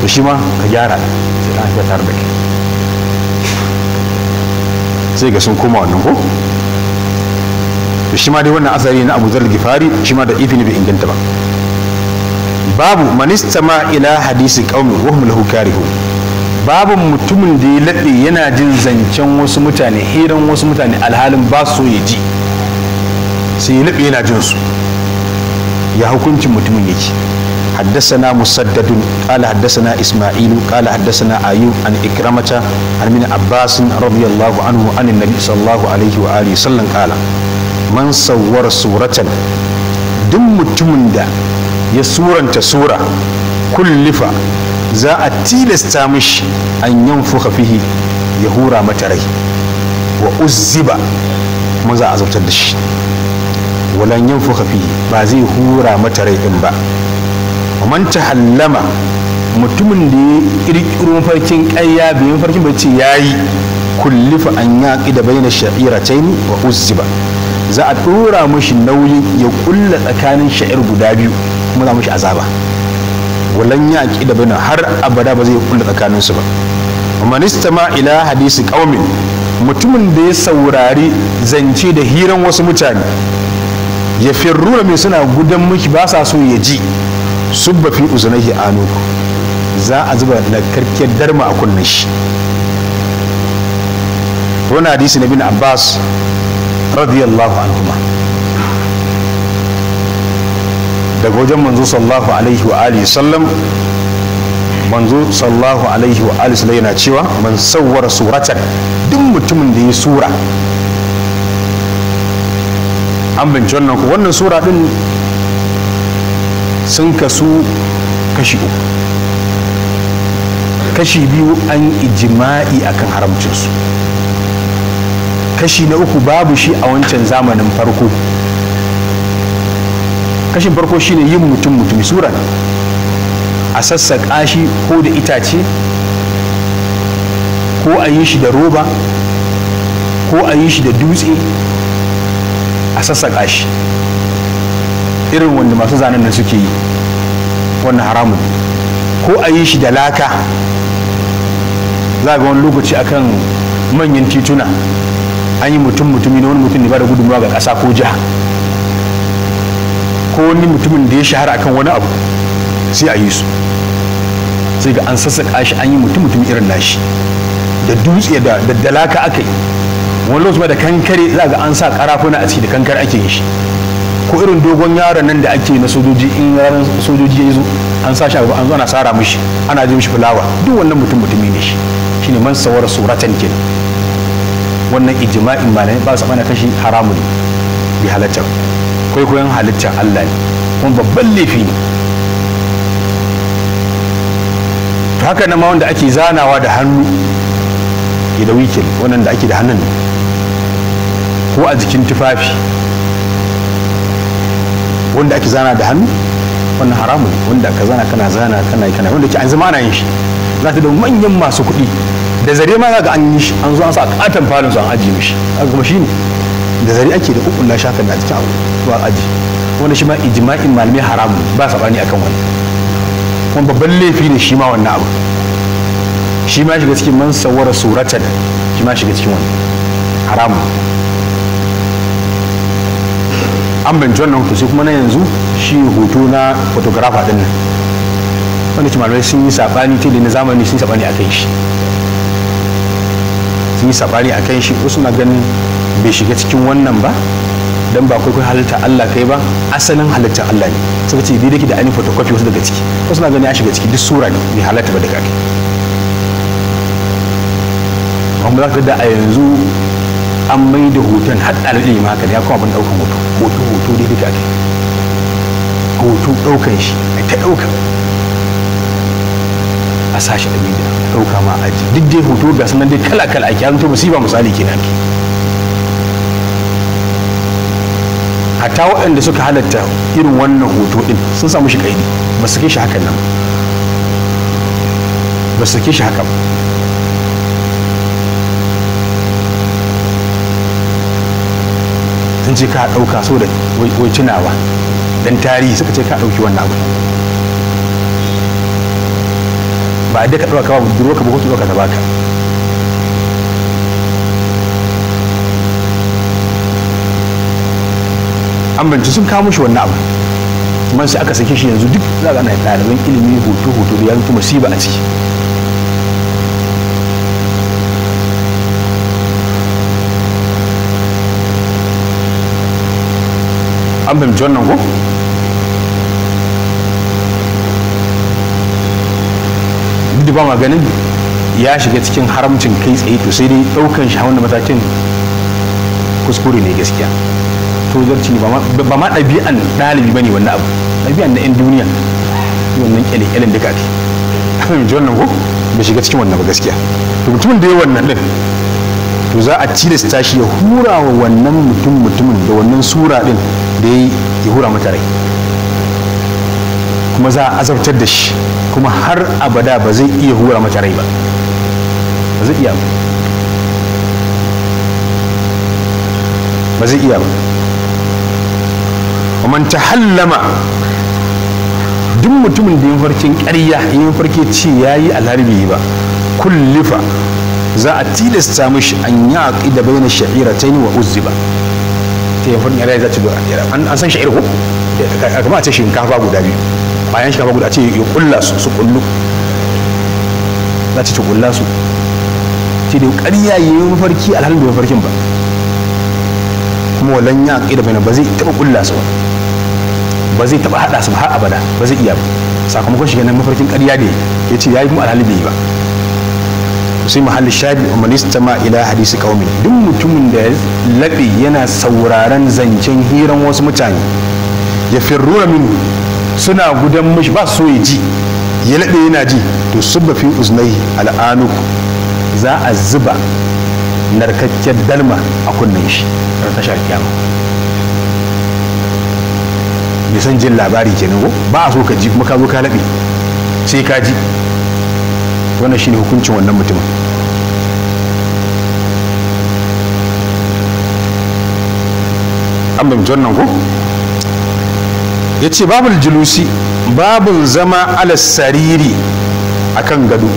to shi ma ka gyara lafiya tare da kai sai ga sun koma wannan ko to shi ma dai wannan asali na Abu Zar Gifari shi ma da ibn bai inganta ba babu ma ila hadisi qaumi wa lahu karihu babu mutumin da ya laɗe yana jin zancen wasu mutane hiran wasu mutane alhalin ba su ya ji sai ya laɗe yana jin su ya hukuncin mutumin yake حدثنا مسدد قال Isma'ilu إسماعيل قال حدثنا أيوب عن إكرمة عن من عباس رضي الله عنه عن النبي صلى الله عليه ya suranta sura kullifa za a tilasta mashi an yan fuka fihi ya hura mata rai wa uzziba kuma za a zautar da shi walan yan fuka fihi ba zai hura mata rai din ba man tahallama mutumin da ya kirkiro mafarkin kayya bai mafarkin bai ce yayi kullifa an yaƙi da bayyana sha'irataini wa uzziba za a ɗora mashi nauyi ya kulla tsakanin sha'ir guda biyu kuma za mashi azaba walan ya da baina har abada ba zai kulla tsakanin su ba man istama ila hadisi qaumin mutumin da ya saurari zance da hiran wasu mutane ya firruna mai suna gudan miki ba sa so ya ji subba fi uzunaihi anu za a zuba lankarkiyar darma a kunnen shi wani hadisi na bin abbas radiyallahu anhuma daga wajen manzo Sallahu alaihi wa alihi sallam manzo Sallahu alaihi wa alihi sallam yana cewa man sawwara suratan duk mutumin da ya sura an binci wannan ku wannan sura din sun kasu kashi uku kashi biyu an ijima'i akan haramcinsu kashi na uku babu shi a wancan zamanin farko kashin farko shine yin mutum mutumi sura a sassaƙa shi ko da itace ko a yi shi da roba ko a yi shi da dutse a sassaƙa shi irin wanda masu zanen da suke yi wannan haramun ko a yi shi da laka za ga wani lokaci akan manyan tituna an yi mutum mutumi na wani mutum ne ba da gudunmawa ga ƙasa ko jiha ko wani mutumin da ya shahara akan wani abu sai a yi su sai ga an sassaƙa shi an yi mutum mutumi irin nashi da dutse da dalaka aka yi wani lokaci da kankare za ga an sa karafuna a ciki da kankar ake yin shi ko irin dogon yaron nan da ake na sojoji in ranar sojoji ya zo an sa shi an zo ana sara mishi ana ji mishi fulawa duk wannan mutum mutumi ne shi shine man sawar suratan ke wannan ijma'in malamai ba su mana kashi haramu ne bi halatta kwaikwayon halittar Allah ne kuma babban laifi ne to haka na ma wanda ake zanawa da hannu ke da wikin wannan da ake da hannun ko a jikin tufafi wanda ake zana da hannu wannan haramun wanda ka zana kana zana kana yi kana wanda ke an zama ana yin shi za ta da manyan masu kuɗi da zare ma za ga an yi shi an zo an sa katon falon su an ajiye mishi kuma shi ne da zare ake da kukkulla shakan na cikin abu to aji wanda shi ma ijma'in malamai haramun ba a akan wani kuma babban laifi ne shi ma wannan abu shi ma shiga cikin man sawara suratan shi ma shiga cikin wani haramun an ban banci nan sai kuma na yanzu shi hoto na photographer din nan wanda ci malamai sun yi sabani tele na zamani sun sabani a kan shi sun yi sabani a kan shi wasu na ganin bai shiga cikin wannan ba dan ba kai halitta Allah kai ba asalin halittar Allah ne suka ce dai dake da ainihin photocopy wasu daga ciki wasu na gani a shiga ciki duk sura ne bai halatta ba da kake amma za ka da a yanzu an mai da hoton har ɗalibin ma haka ya kawo abin daukan hoto hoto hoto dai duka ake hoto daukan shi ta dauka a sashi a media ɗauka ma ji duk dai hoto ga sanan dai kala kala ake yanzu to musiba misali kenan nan hatta waɗanda suka halatta irin wannan hoto ɗin sun samu shi ƙaidi ba su ke shi hakan nan ba su ke shi haka ba ce ka ɗauka so da wai tunawa dan tarihi suka ce ka ɗauki wannan abu ba dai ka ɗauka ba budurwa ka ba ko ɗauka ta baka an bance sun kawo shi wannan abu man sai aka sake shi yanzu duk za ga ana ɗaliban ilimi hoto hoto da ya mutu masiba a ciki an fahimci wannan ko duk ba ganin ya shiga cikin haramcin kai tsaye to sai dai ɗaukan shi hawan matakin kuskure ne gaskiya to zarci ne ba ma ɗabi'an ɗalibi ba ne wannan abu ɗabi'an na 'yan duniya wannan ƙyalin duka ake fahimci wannan ko bai shiga cikin wannan ba gaskiya to mutumin da ya wannan ɗin to za a tilasta shi ya hura wa wannan mutum mutumin da wannan sura ɗin da ya hura mata rai kuma za a azabtar da shi kuma har abada ba zai iya hura mata rai ba ba zai iya ba zai iya ba ta hallama duk mutumin da yin farkin ƙarya yin farke ce ya yi alharbi ba kullifa za a tilasta mashi an yi aƙi da bayan sha'ira ta yi wa uzzi ba ta yin fadin yanayi za ta an san sha'ir a kamar a ce shinkafa guda biyu bayan shinkafa guda a ce ya kulla su su kullu za ta ci kulla su ce da ƙarya ya yi mafarki alhalin da mafarkin ba kuma wallan ya da bai ba zai taɓa kulla su ba ba zai taɓa haɗa su ba har abada ba zai iya ba sakamakon shi kenan mafarkin ƙarya ne ya ce ya yi kuma alhalin bai yi ba sai mahallin shabi wa ma ila hadisi kaumi duk mutumin da ya labe yana sauraron zancen hiran wasu mutane ya firruna min suna gudan mishi ba so ya ji ya labe yana ji to subba fi uznai al'anu za a zuba narkakken dalma a kunnen shi ran bai san jin labari kenan ba a so ka ji kuma ka zo ka labe sai ka ji wannan shine hukuncin wannan mutumin an bambamci wannan ko ya ce babul julusi babun zama alas a kan gado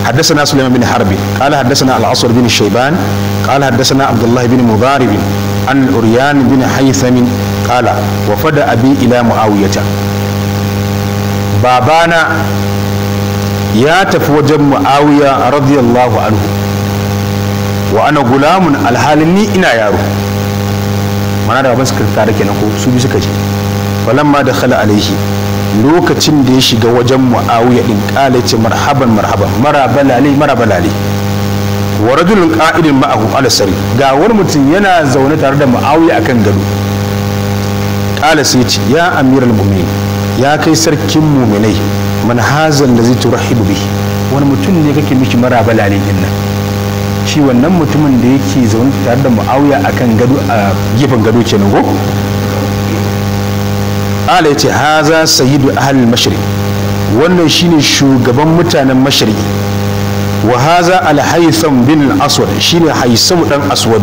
حدثنا سليمان بن حرب قال حدثنا العصر بن الشيبان قال حدثنا عبد الله بن مبارب عن أريان بن حيثم قال وفد أبي إلى معاوية babana ya tafi wajen mu'awiya radiyallahu anhu wa ana gulamun alhalin ni ina yaro mana da baban suka tare kenan ko su bi suka je falamma da khala alaihi lokacin da ya shiga wajen mu'awiya din kala ce marhaban marhaban mara balali mara balali wa rajulun qa'idin ma'ahu ala sari ga wani mutum yana zaune tare da mu'awiya akan gado kala sai ce ya amiral mu'minin ya kai sarkin muminai man hazan da zai turahibu bi wani mutum ne kake miki mara balale din nan shi wannan mutumin da yake zaune tare da muawiya akan gado a gefen gado kenan ko ala yace haza sayyidu ahlul mashriq wannan shine shugaban mutanen mashriqi wa haza al-haytham bin aswad shine haytham dan aswad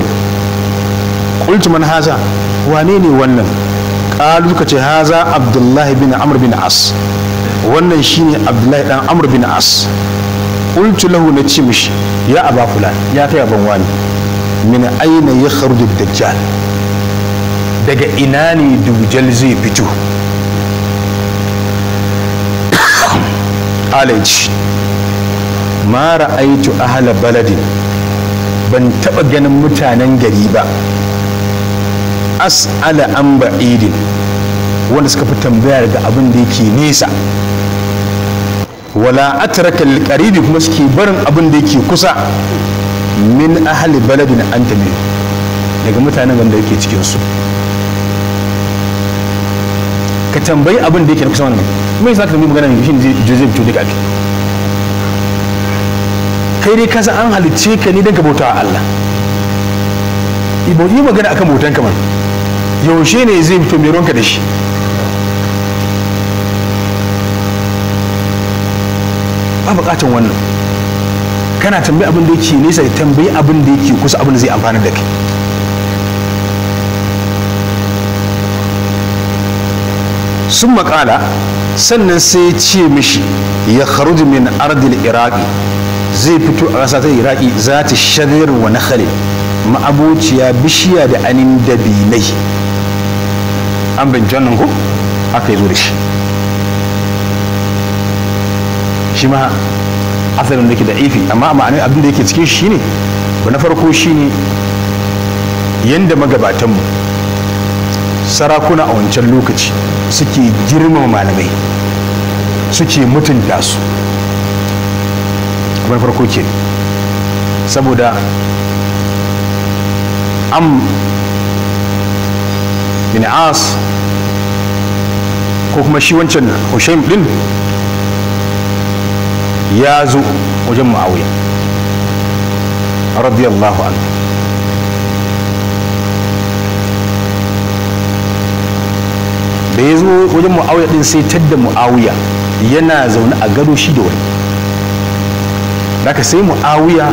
qultu man haza wane ne wannan kalu ka ce haza abdullahi bin amr bin as wannan shine abdullahi dan amr bin as qultu lahu na ce mishi ya aba fulan ya kai ban wani min aina ya da dajjal daga ina ne dujjal zai fito alaji ma ra'aitu ahla baladin ban taba ganin mutanen gari ba as'ala an ba'idin wanda suka fi tambaya daga abin da yake nesa wala atraka alqaribi kuma suke barin abin da yake kusa min ahli baladin anta min daga mutanen wanda yake cikin su ka tambayi abin da yake kusa wannan mai sa ka tambayi magana ne shin Joseph to ake kai dai ka san an halicce ka ne don ka bauta wa Allah ibo yi magana akan bautan kamar yaushe ne zai fito mai ronka da shi ba bukatan wannan kana tambayi abin da yake nesa tambayi abin da yake kusa abin da zai amfana da kai sun makala sannan sai ce mishi ya kharuj min ardil iraki zai fito a ƙasa ta iraki za ta shadirin wa nakhali ma'abociya bishiya da anin dabinai an bin jannan ku aka yi zo da shi shi ma asalin da ke da ifi amma ma'anin abin da yake cikin shi ne ba na farko shi ne yadda magabatanmu sarakuna a wancan lokaci suke girmama malamai suke mutunta su abin farko ke saboda an bin as ko kuma shi wancan hushaim din ya zo wajen ma'auya radiyallahu anhu da ya zo wajen mu'awiya din sai tadda mu'awiya yana zaune a gado shi da wani daga sai mu'awiya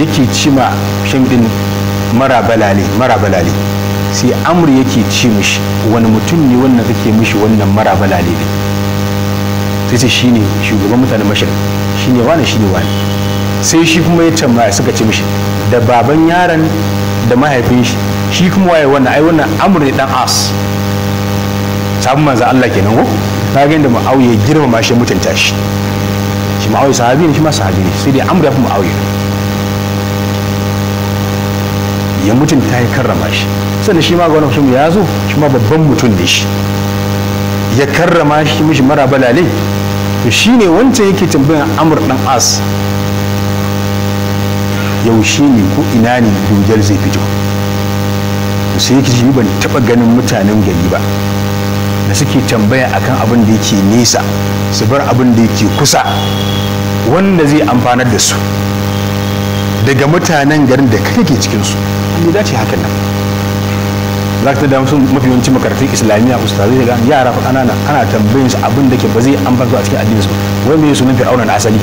yake cima shin ɗin mara mara balale sai amur yake ce mishi wani mutum ne wannan kake mishi wannan mara balale ne sai ce shine shugaban mutanen mashar shine wani shine wani sai shi kuma ya tambaya suka ce mishi da baban yaron da mahaifin shi shi kuma waye wannan ai wannan amur ne dan as sabu manzo Allah kenan ko ta ga inda ma'auya girmama shi mutunta shi shi ma'auya sahabi ne shi ma sahabi ne sai dai amur ya fi ma'auya ya ta yi karrama shi sannan shi ma ga mutum ya zo shi ma babban mutum ne shi ya karrama shi mishi mara balale to shi ne wancan yake tambayan amur dan as yaushe ne ko ina ne dujal zai fito to sai yake shi ban taba ganin mutanen gari ba da suke tambaya akan abin da yake nesa su bar abin da yake kusa wanda zai amfanar da su daga mutanen garin da kake cikinsu ya dace hakan nan za ka da musu mafi yawanci makarfi islamiyya ku zai ga yara fa kanana ana tambayin su abin da ke ba zai an a cikin addinin su wai me sunan fir'auna na asali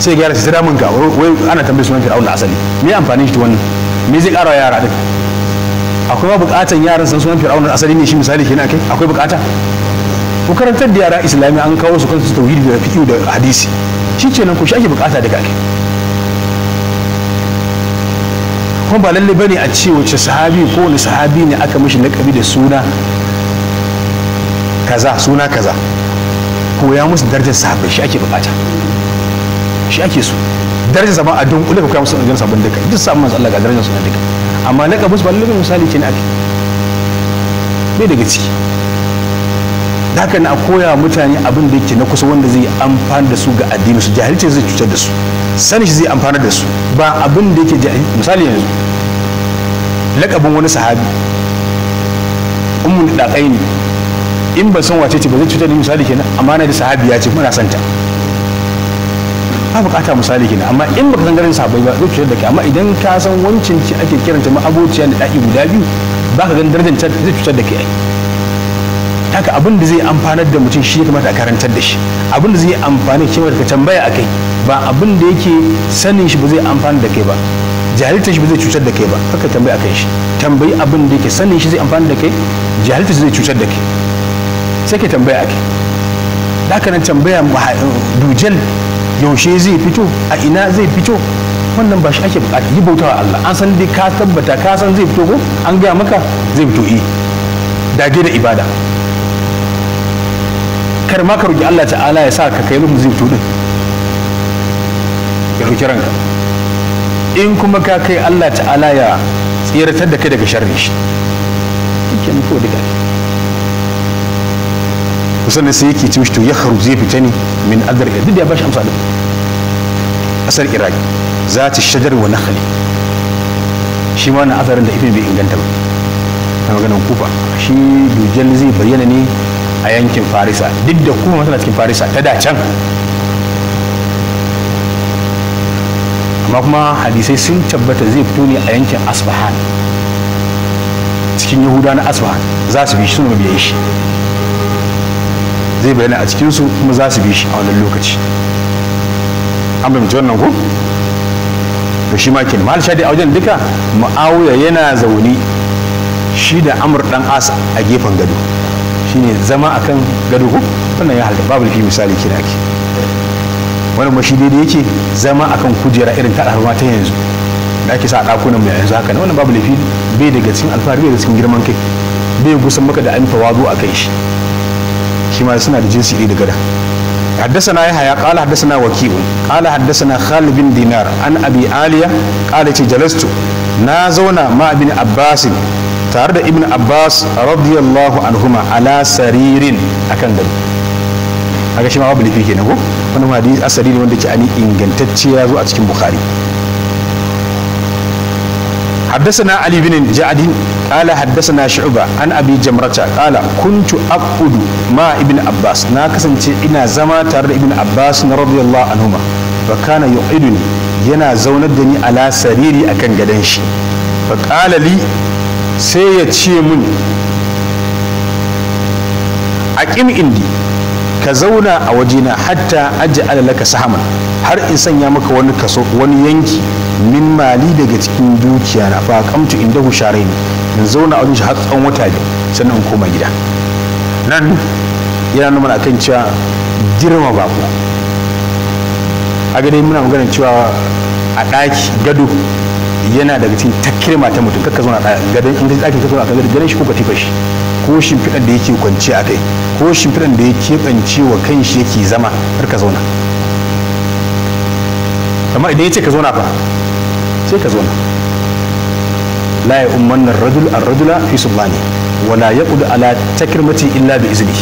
sai ga yara su tsira ka wai ana tambayin sunan fir'auna na asali me amfanin shi wannan me zai karawa yara din akwai bukatan yaran san sunan fir'auna na asali ne shi misali kenan kai akwai bukata ku karantar da yara islamiyya an kawo su kansu tauhidi da fiqh da hadisi shi kenan ku shi ake bukata daga kai kuma ba lalle bane a ce wace sahabi ko wani sahabi ne aka mishi lakabi da suna kaza suna kaza koya musu darajar sahabi shi ake bukata shi ake so darajar sabon a don kuɗa ka kuma musu darajar sabon duka duk sabon masu Allah ga darajar su na duka amma lakabin su ba lalle misali ce ne ake bai daga ciki haka na koya mutane abin da yake na kusa wanda zai amfana da su ga addini su jahilci zai cutar da su sani shi zai amfana da su ba abin da yake misali yanzu lakabin wani sahabi da ummul ne in ba san wace ce ba zai cutar da misali kenan amma na da sahabi ya ce muna santa ba bukata misali kenan amma in ka san garin sahabai ba zai cutar da kai amma idan ka san wancin ce ake kiranta ma'abociya da daki guda biyu ba ka ganin darajar ta zai cutar da kai haka abin da zai amfanar da mutum shi ya kamata a karantar da shi abin da zai amfani shi ka tambaya a kai ba abin da yake sanin shi ba zai amfani da kai ba jahilta shi ba zai cutar da kai ba haka tambayi akan shi tambayi abin da yake sanin shi zai amfani da kai jahilta shi zai cutar da kai sai ka tambaya ake da haka nan tambaya dujal yaushe zai fito a ina zai fito wannan ba shi ake bukata yi bautawa Allah an san dai ka tabbata ka san zai fito ko an gaya maka zai fito yi eh. dage da ibada kar ma ka roki Allah ta'ala ya sa ka kai mutum zai fito din ya roki ranka in kuma ka kai Allah ta'ala ya tsiratar da kai daga sharri shi yake nufo daga kusan da sai yake ce to ya haru zai fita ne min adar duk da ya bashi amsa da asar iraki za ta shajar wa nahali. shi ma na azarin da ibn bai inganta ba na maganar kufa shi dujjal zai bayyana ne a yankin farisa duk da kuma tana cikin farisa ta da can amma kuma hadisai sun tabbata zai fito ne a yankin asfahan cikin yahuda na asfahan za su bi shi suna mabiyan shi zai bayyana a cikinsu kuma za su bi shi a wannan lokaci an fahimci wannan ko da shi ma kenan mahal shadi a wajen duka ma'auya yana zaune shi da amur dan as a gefen gado shine zama akan gado ko wannan ya halda babu fi misali kina ke. Wani ma dai daidai yake zama a kan kujera irin ta alfarma ta yanzu da ake sa a ɗakunan mai yanzu haka na wani babu laifi bai daga cikin alfahari bai daga cikin girman kai bai gusan maka da an tawazu a kai shi shi ma suna da jinsi ɗaya daga da حدثنا يحيى قال حدثنا وكيع قال حدثنا خالد بن دينار عن ابي عاليه قال جلست نازونا مع ابن عباس tare da ibn abbas radiyallahu anhuma ala saririn akan gado a ga shi ma babu lifi kenan ko wani hadisi asali ne wanda ke ani ingantacce ya zo a cikin bukhari حدثنا علي بن جعد قال حدثنا شعبة عن أبي جمرة قال كنت أقعد مع ابن عباس ناكسن إنا زما تر ابن عباس رضي الله عنهما فكان يقعدني ينا زوندني على سريري أكن قدنش فقال لي سيتشي من أقم عندي ka zauna a wajena hatta aj'ala laka sahaman har in sanya maka wani kaso wani yanki min mali daga cikin dukiya na fa kamtu inda hushare ne in zauna a wajen shi har tsawon wata biyu sannan in koma gida nan yana nuna akan cewa girma ku, a dai muna magana cewa a ɗaki gado yana daga cikin takirma ta mutum kakka zauna a gadon in ka ɗakin zauna a gadon shi ko ka tifa shi ko shimfiɗan da yake kwance a kai ko shimfiɗan da yake kwanci wa kan shi yake zama har ka zauna amma idan ya ce ka zauna fa sai ka zauna la ya umman rajul ar-rajula fi sulmani wala yaqud ala takrimati illa bi izni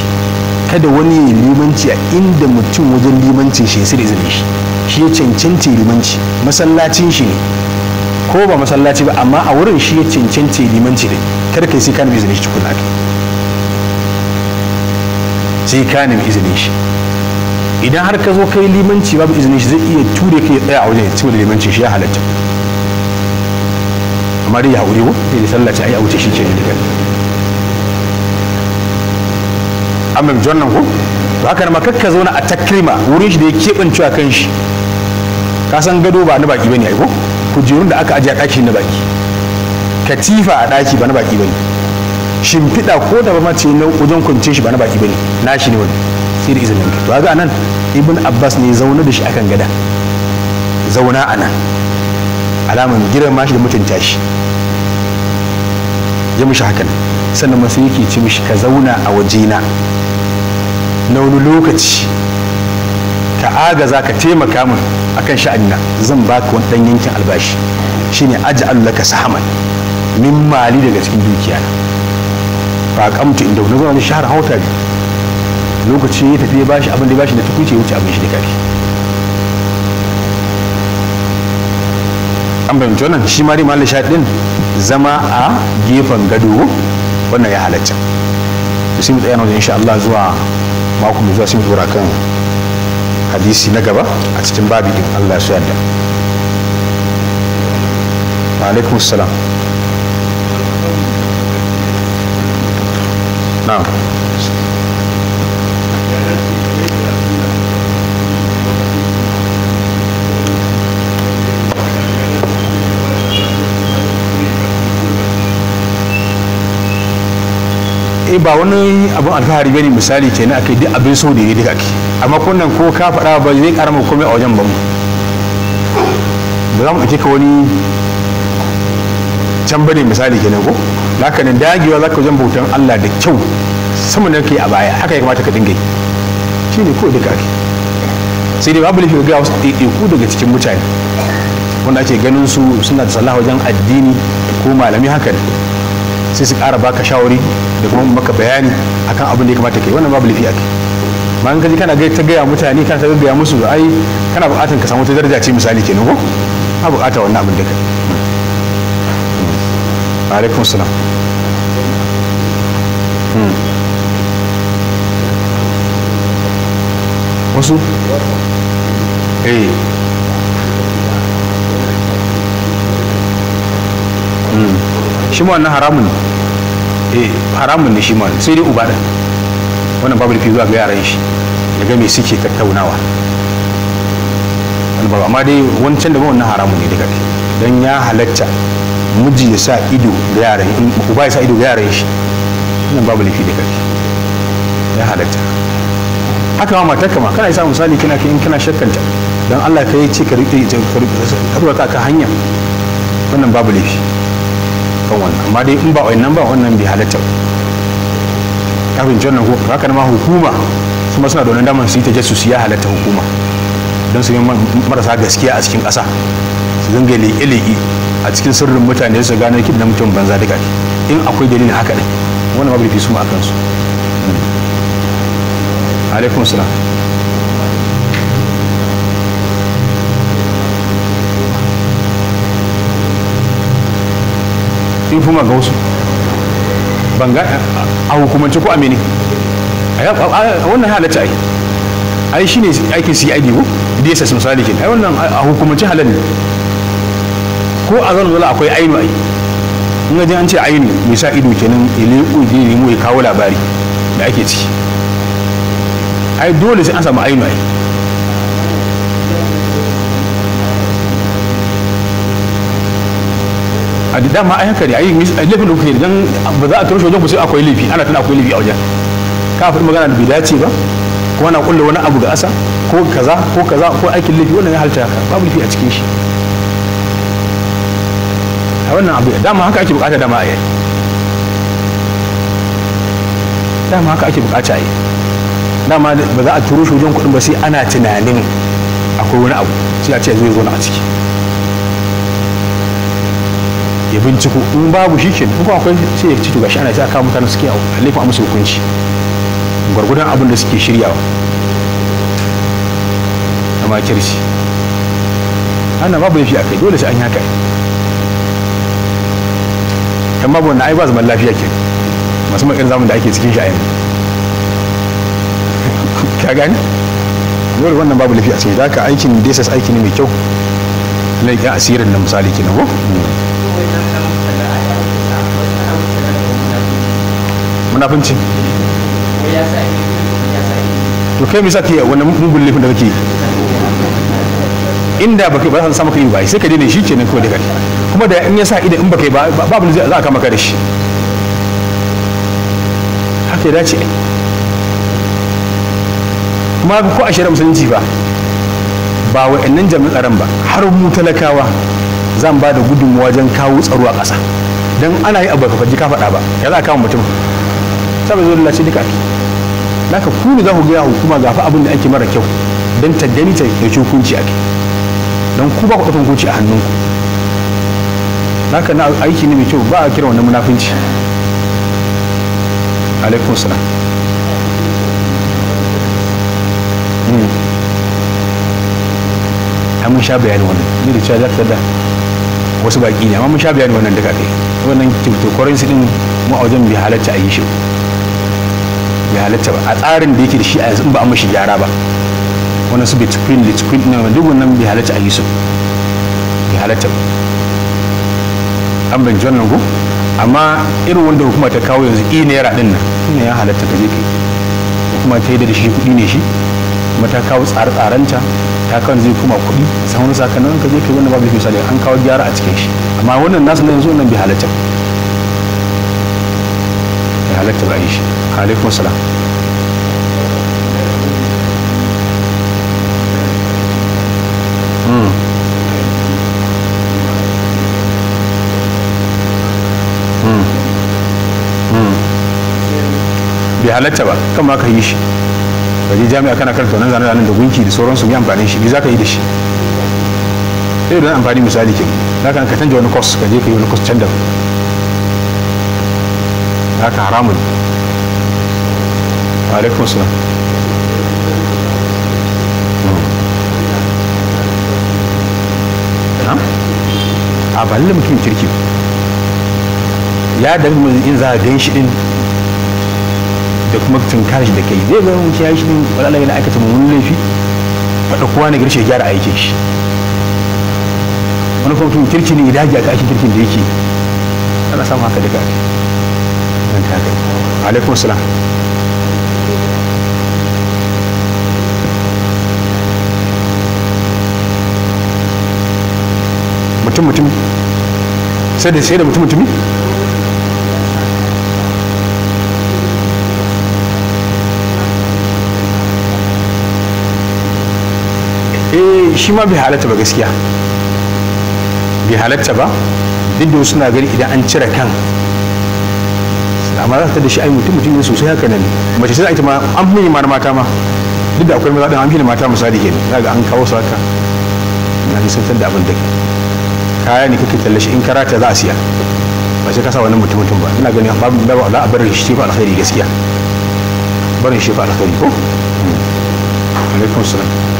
kada wani ya limanci a inda mutum wajen limancin shi sai da izini shi shi ya cancanci limanci masallacin shi ne ko ba masallaci ba amma a wurin shi ya cancanci limanci ne matar kai sai ka nemi izinin shi tukuna kai sai ka izinin shi idan har ka zo kai limanci babu izinin shi zai iya ture kai tsaya a wajen ya ciwo limanci limancin shi ya halatta amma dai ya haure ko sai da sallah ce ai a wuce shi ke da kai amma mai jonnan ko to haka ma kakka zauna a takrima wurin shi da ya keɓance a kan shi ka san gado ba na baki bane ai ko kujerun da aka ajiye a ɗakin na baki katifa a ɗaki ba na baki bane shimfiɗa ko da ba mace na wajen kwance shi ba na baki bane shi ne wani sai da izinin ka to ga anan ibn abbas ne zaune da shi akan gada zauna anan alaman girma shi da mutunta shi ya mishi hakan sannan masu yake ci mishi ka zauna a wajena na wani lokaci ka agaza ka taimaka min akan sha'anina zan baka wani ɗan yankin albashi shine aj'al laka sahaman min mali daga cikin dukiya ba kamtu inda na zauna shahar hauta lokacin ya tafi ya bashi abin da ya bashi na tukuce ya wuce abin shi da kafi an bayan wannan shi ma dai sha shaɗin zama a gefen gado wannan ya halatta sai mu tsaya na wajen insha Allah zuwa mako mai zuwa sai mu dora kan hadisi na gaba a cikin babi din Allah ya yarda wa alaikum na'am eh ba wani abin alfahari bane misali kenan akai duk abin so da yake kake amma kunnan ko ka faɗa ba zai karama komai a wajen ba mu ba za mu ɗauke ka wani can bane misali kenan ko zaka nan dagewa za ka wajen bautan Allah da kyau sama da kai a baya haka ya kamata ka dinga yi shi ne kawai duka ake sai dai babu lafiya ga wasu ɗaiɗaiku daga cikin mutane wanda ake ganin su suna da sallah wajen addini ko malami haka ne sai su ƙara baka shawari da kuma maka bayani akan abin da ya kamata yi wannan babu lafiya ake ma in ji kana gai ta gaya mutane kana ta gaya musu ai kana buƙatar ka samu ta daraja ce misali kenan ko a buƙata wannan abin da kai alaikum salam wasu eh shi ma wannan haramun ne eh haramun ne shi ma sai dai uba ɗan wannan babu da zuwa ga yaran shi daga me suke tattaunawa amma dai wancan da wannan haramun ne daga don ya halatta miji ya sa ido da yaran uba ya sa ido da yaran shi nan babu laifi da kai ya halatta haka ma mata kama kana isa misali kina in kana shakkanta dan Allah ka yi ce ka rike ka ka hanya wannan babu laifi kan wannan amma dai in ba wannan ba wannan bai halatta ka bin jannan ko haka ma hukuma kuma suna da wannan daman su yi ta jasusi ya halatta hukuma don su yi marasa gaskiya a cikin ƙasa su zanga leƙe-leƙe a cikin sirrin mutane su gano kiɗa mutum banza duka in akwai dalilin haka ne wannan babu fi su ma kansu hmm. alaikum salam in kuma ga wasu banga a hukumance ko amini wannan halatta ai ai shine aikin CID ko DSS misali kin ai wannan a hukumance halal ne ko a zan zala akwai ainu ai in ga an ce ainu mai sa ido kenan ile ƙudi ne mai kawo labari da ake ciki ai dole sai an samu ainu ai a da dama ai hankali ai laifin da kuke dan ba za a tura shi wajen ku sai akwai laifi ana tana akwai laifi a wajen ka faɗi magana da bai dace ba ko ana kulle wani abu da asa ko kaza ko kaza ko aikin laifi wannan ya halta babu laifi a cikin shi a wannan abu da dama haka ake bukata dama a yi dama haka ake bukata a yi dama ba za a turo shi wajen kuɗin ba sai ana tunanin akwai wani abu sai a ce zai zo na a ciki ya binciko in babu shi ke in akwai sai ya ci to gashi ana sai aka mutane suke a laifin amsa hukunci gwargwadon abin da suke shiryawa amma makirci ana babu laifi a kai dole sai an yi haka in babu wani ai ba zaman lafiya ke masu makin zamun da ake cikin sha'ayin ka gane dole wannan babu lafiya sai da ka aikin desas aiki ne mai kyau laikin asirin na misali kenan ko munafunci to kai misa sa ke wannan mugun laifin da kake yi inda baka ba samu kai ba sai ka daina shi kenan kuma da kai kuma da in ya sa idan in baka yi ba babu zai za a kama ka da shi haka ya dace kuma ko a shari'a musulunci ba ba wa'annan jami'an tsaron ba har mu talakawa zan ba da gudun wajen kawo tsaro a ƙasa don ana yi abu ka faji ka faɗa ba ya za a kama mutum saboda zai lalace duka ake naka ku ne za ku gaya hukuma gafa abin da ake mara kyau don ta gani ta ɗauki hukunci ake don ku ba ku ɗaukan goci a hannunku naka na aiki ne mai kyau ba a kira wannan munafinci alaikun salam hmm. an mun sha bayani wannan ni da cewa za ta da wasu baki ne amma mun sha bayani wannan daga kai wannan kyautokorin su din mu a wajen bai halatta a yi shi bai halatta ba a tsarin da yake da shi a yanzu ba a mashi gyara ba wani su bitcoin bitcoin na dubu nan bai halatta a yisu su bai halatta an ban wannan ko amma irin wanda hukuma ta kawo yanzu i naira din nan ne ya halatta ka zai kai hukuma ta yi da shi kuɗi ne shi kuma ta kawo tsare-tsarenta ta kawo zai kuma kuɗi sauran sakamakon ka zai kai wani babu misali an kawo gyara a cikin shi amma wannan nasu na yanzu nan bai halatta bai halatta ba a yi shi alaikum salam bai halatta ba kan ma ka yi shi ka je jami'a kana karanta wannan zane zanen da gunki da sauransu ya amfani shi me za ka yi da shi sai don amfani misali ke za ka canja wani kwas ka je ka yi wani kwas can da ka haramun alaikum salam hmm. a ba mutum kirki ya da in za a gan shi din da kuma tunkar shi da kai zai ga mutum ya shi ne wani yana aikata mummunan laifi faɗa kowa ne garshe gyara aikin shi wani kuma kirki ne idan ya ga aikin kirkin da yake ana samun haka duka dan ta kai alaikun assalam mutum mutum sai da sai da mutum mutumi shi ma bai halatta ba gaskiya bai halatta ba duk da suna gani idan an cire kan amma za ta da shi ai mutum mutum ne sosai haka nan mace sai ita ma an fi ma mata ma duk da akwai maza din an fi mata misali ne za ga an kawo su haka na nisantar da abin da kaya ne kake talle shi in karata za a siya ba sai ka sa wannan mutum mutum ba ina ganin babu da za a barin shi fa alkhairi gaskiya bar shi fa alkhairi ko hmm. alaikum salam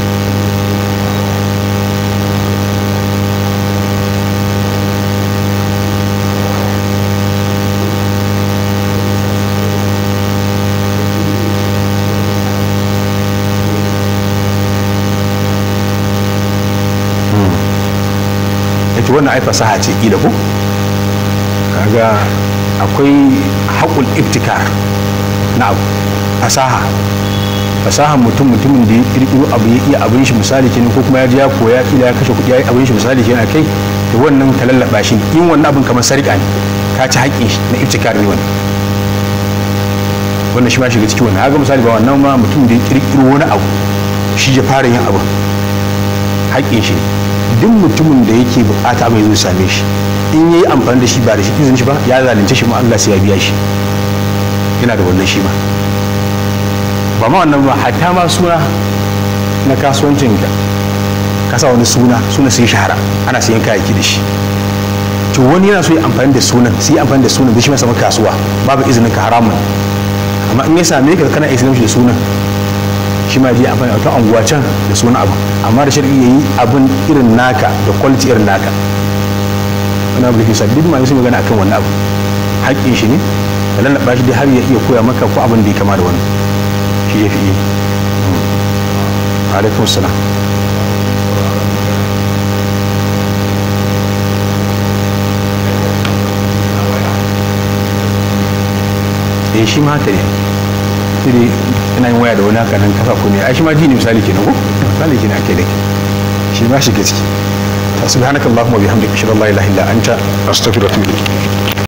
to wannan ai fasaha ce ƙila ko kaga akwai haƙul ibtikar na abu fasaha fasaha mutum mutumin da ya ƙirƙiro abu ya iya abin shi misali kenan ko kuma ya je ya koya ƙila ya kashe kuɗi ya yi abin shi misali kenan kai to wannan ka lallaɓa shi in wannan abin kamar sarƙa ne ka ci haƙƙin shi na ibtikar ne wannan wannan shi ma shiga ciki wannan haka misali ba wannan ma mutum da ya ƙirƙiru wani abu shi ya fara yin abin haƙƙin shi ne duk mutumin da yake bukata mai zo same shi in yi amfani da shi ba da shi izinin shi ba ya zalunce shi ma Allah sai ya biya shi yana da wannan shi ma ba ma wannan ba hatta ma suna na kasuwancin ka ka wani suna suna sai shahara ana sayan kayayyaki da shi to wani yana so ya amfani da sunan sai ya amfani da sunan da shi ma samu kasuwa babu izinin ka haramun amma in ya same ka kana izinin shi da sunan shi ma je amfani a anguwa can da suna abu amma da shirki yayi abin irin naka da kwaliti irin naka wani abu da ke sabbin ma sun magana akan wani abu haƙƙin shi ne da lallaɓa shi dai har ya iya koya maka ko abin da ya kama da wani shi ya fi yi alaikum salam eh, shi ma haka ne kina yin waya da wani haka nan kasa ku ne ai shi ma ji ne misali kenan ko misali kenan ake da ke shi ma shi gaske subhanakallahumma bihamdika ashhadu an la ilaha illa anta astaghfiruka wa atubu